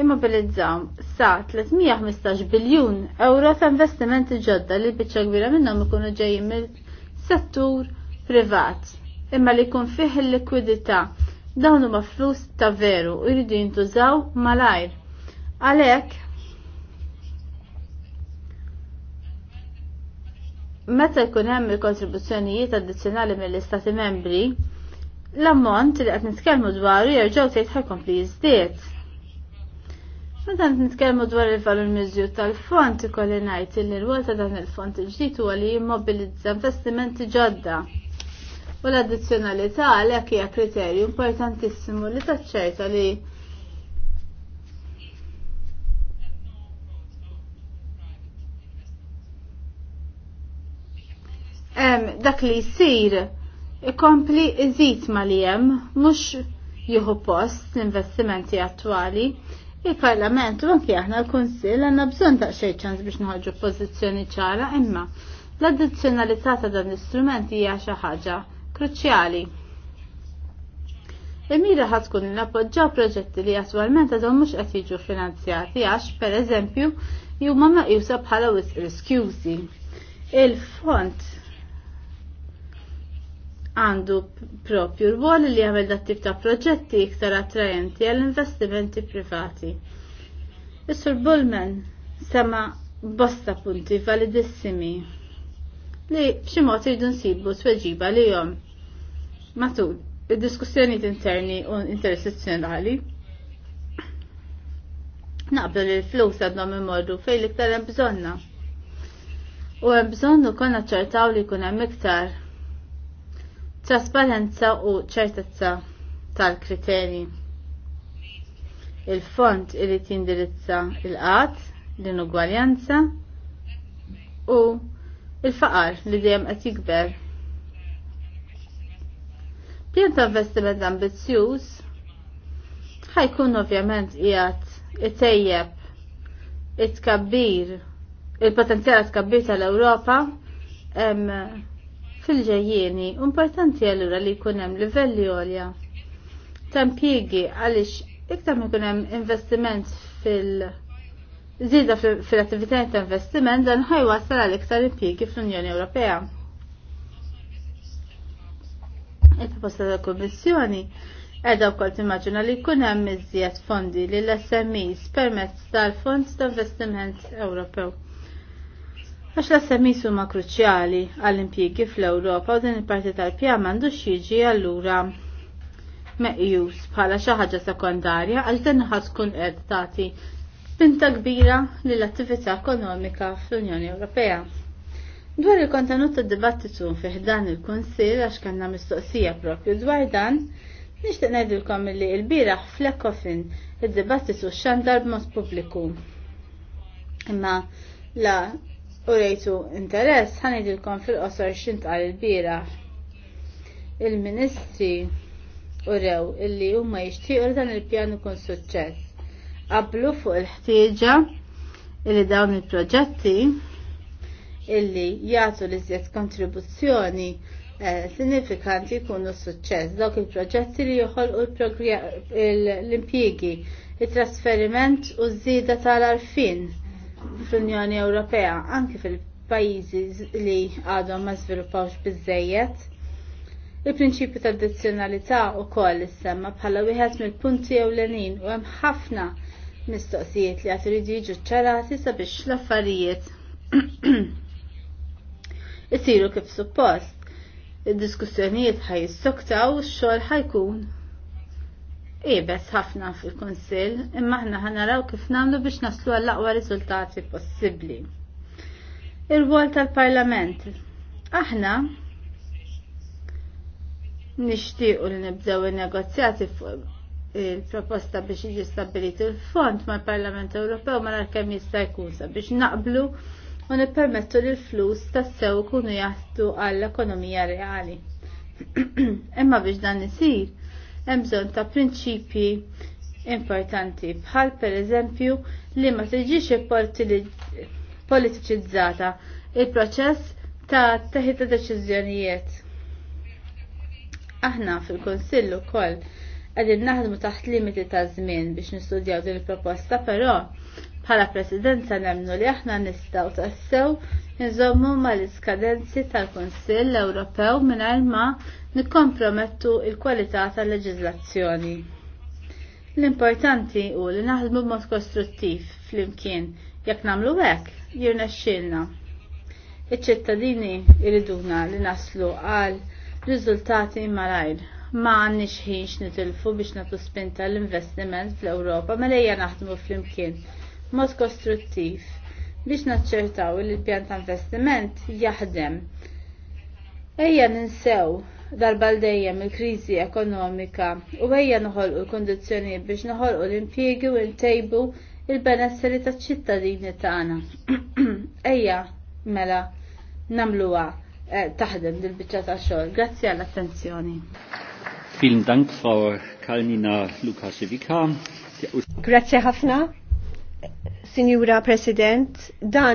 immobilizzaw sa 315 biljun euro ta' investimenti ġodda li biċċa kbira minnhom ikunu ġejjin mill settur privat imma li jkun fih il-likwidità dawn huma flus ta' veru u jridu jintużaw malajr. Għalhekk meta jkun hemm il-kontribuzzjonijiet addizzjonali mill-Istati Membri, l-ammont li qed nitkellmu dwaru jerġgħu tgħid ħajkompli jiżdied. Madan nitkellmu dwar il-valur miżju tal-fond ikolli ngħid li l ta' dan il-fond il-ġdid huwa li jimmobilizza investimenti ġodda. U l-addizzjonalità għalhekk hija kriterju importantissimu li taċċerta li Em, dak li jisir ikompli iżid mal-jem, mhux jieħu post l-investimenti attwali il-Parlament u anki aħna l-Kunsill għandna bżonn ta' xejn biex nħarġu pożizzjoni ċara imma l-addizzjonalità ta' dan l-istrument hija xi ħaġa kruċjali. Il-mira ħad tkun nappoġġaw proġetti li attwalment għadhom mhux qed jiġu finanzjati għax pereżempju huma meqjusa bħala wisq riskjużi. Il-font għandu propju rwol li jagħmel dat tip ta' proġetti iktar attrajenti għall investimenti privati. Is-Sur Bullman sema bosta punti validissimi li b'xi mod iridu nsibu sweġiba li jom matul id-diskussjonijiet interni u intersezzjonali. Naqblu li l-flus għadhom imorru fejn l-iktar hemm bżonna. U hemm bżonn ukoll naċċertaw li jkun hemm iktar trasparenza u ċertezza tal-kriterji. Il-fond irid jindirizza il-qat, l-inugwaljanza u il-faqar li dejjem qed jikber. Pjan ta' investiment ambizzjuż ħajkun ovvjament qiegħed itejjeb it-tkabbir il-potenzjal tkabbir tal-Ewropa fil-ġejjieni. Importanti allura li jkun hemm livelli għolja ta' impjiegi għaliex iktar ma jkun hemm investiment fil- Zida fil-attivitajiet ta' investiment dan ħajwassal għal iktar impjiegi fl-Unjoni Ewropea. Il-proposta ta' Kommissjoni edha wkoll timmaġina li jkun hemm iżjed fondi lill SMEs permezz tal-Fond ta' Investiment Ewropew għax l assemmis huma kruċjali għall-impjiegi fl-Ewropa u din il-parti tal-pjan m'għandux jiġi allura meqjus bħala xi ħaġa sekondarja għal din ħadd tkun qed tagħti pinta kbira lill-attività ekonomika fl-Unjoni Ewropea. Dwar il-kontenut tad-dibattitu fih dan il-Kunsill għax kellna mistoqsija propju dwar dan, nixtieq ngħidilkom li l-bieraħ fl-Ecofin id-dibattitu xandar b'mod pubbliku. Imma la u rejtu interess ħanidilkom fil-qosor xintqal il-biraħ. Il-ministri u rew illi huma jixtiequ dan il-pjan ikun suċċess. Qablu fuq il-ħtieġa illi dawn il-proġetti illi jagħtu l-iżjed kontribuzzjoni eh, sinifikanti jkunu suċċess dawk il-proġetti li joħolqu l-impjiegi, it trasferiment u żieda tal-arfin fl-Unjoni Ewropea, anki fil-pajjiżi li għadhom ma żviluppawx biżejjed. Il-prinċipju ta' addizzjonalità wkoll issemma bħala wieħed mill-punti ewlenin u hemm ħafna mistoqsijiet li qed iridu jiġu ċċarati sabiex l-affarijiet <clears throat> isiru kif suppost. Id-diskussjonijiet ħaj u x-xogħol ħajkun ibes ħafna fil-Konsil, imma ħna ħanaraw kif namlu biex naslu għall-aqwa riżultati possibbli. il rwol tal-Parlament. Aħna nixtiequ li nibdew in-negozjati fuq il-proposta biex jiġi stabiliti il fond mal-Parlament Ewropew ma kemm jista' jkun sabiex naqblu u nippermettu li l-flus tassew ikunu jaħtu għall-ekonomija reali. <clears throat> imma biex dan isir, hemm bżonn ta' prinċipji importanti bħal pereżempju li ma tiġix politiċizzata il-proċess ta' teħita deċiżjonijiet. Aħna fil-Konsill ukoll qegħdin naħdmu taħt limiti ta' żmien biex nistudjaw din il-proposta, però bħala presidenza nemnu li aħna nistgħu tassew nżommu mal-iskadenzi tal-Konsill Ewropew mingħajr ma nikkompromettu il-kwalità tal-leġiżlazzjoni. L-importanti u li naħdmu b'mod kostruttiv fl-imkien jekk nagħmlu hekk xilna. Iċ-ċittadini jriduna li naslu għal riżultati malajr ma għanni ħinx nitilfu biex nagħtu spinta l-investiment fl-Ewropa lejja mela naħdmu fl-imkien mod kostruttiv biex naċċertaw li l-pjan ta' investiment jaħdem. Ejja ninsew darba dejjem il-kriżi ekonomika u ejja noħolqu l kundizzjonijiet biex noħolqu l-impjiegi u ntejbu il-benesseri taċ-ċittadini tagħna. <clears throat> Ejja mela nagħmluha eh, taħdem dil-biċċa ta' xogħol. Grazzi għall-attenzjoni. Vielen Dank, Frau Kalnina Lukasiewicz. Grazie ħafna, Signora President. Dan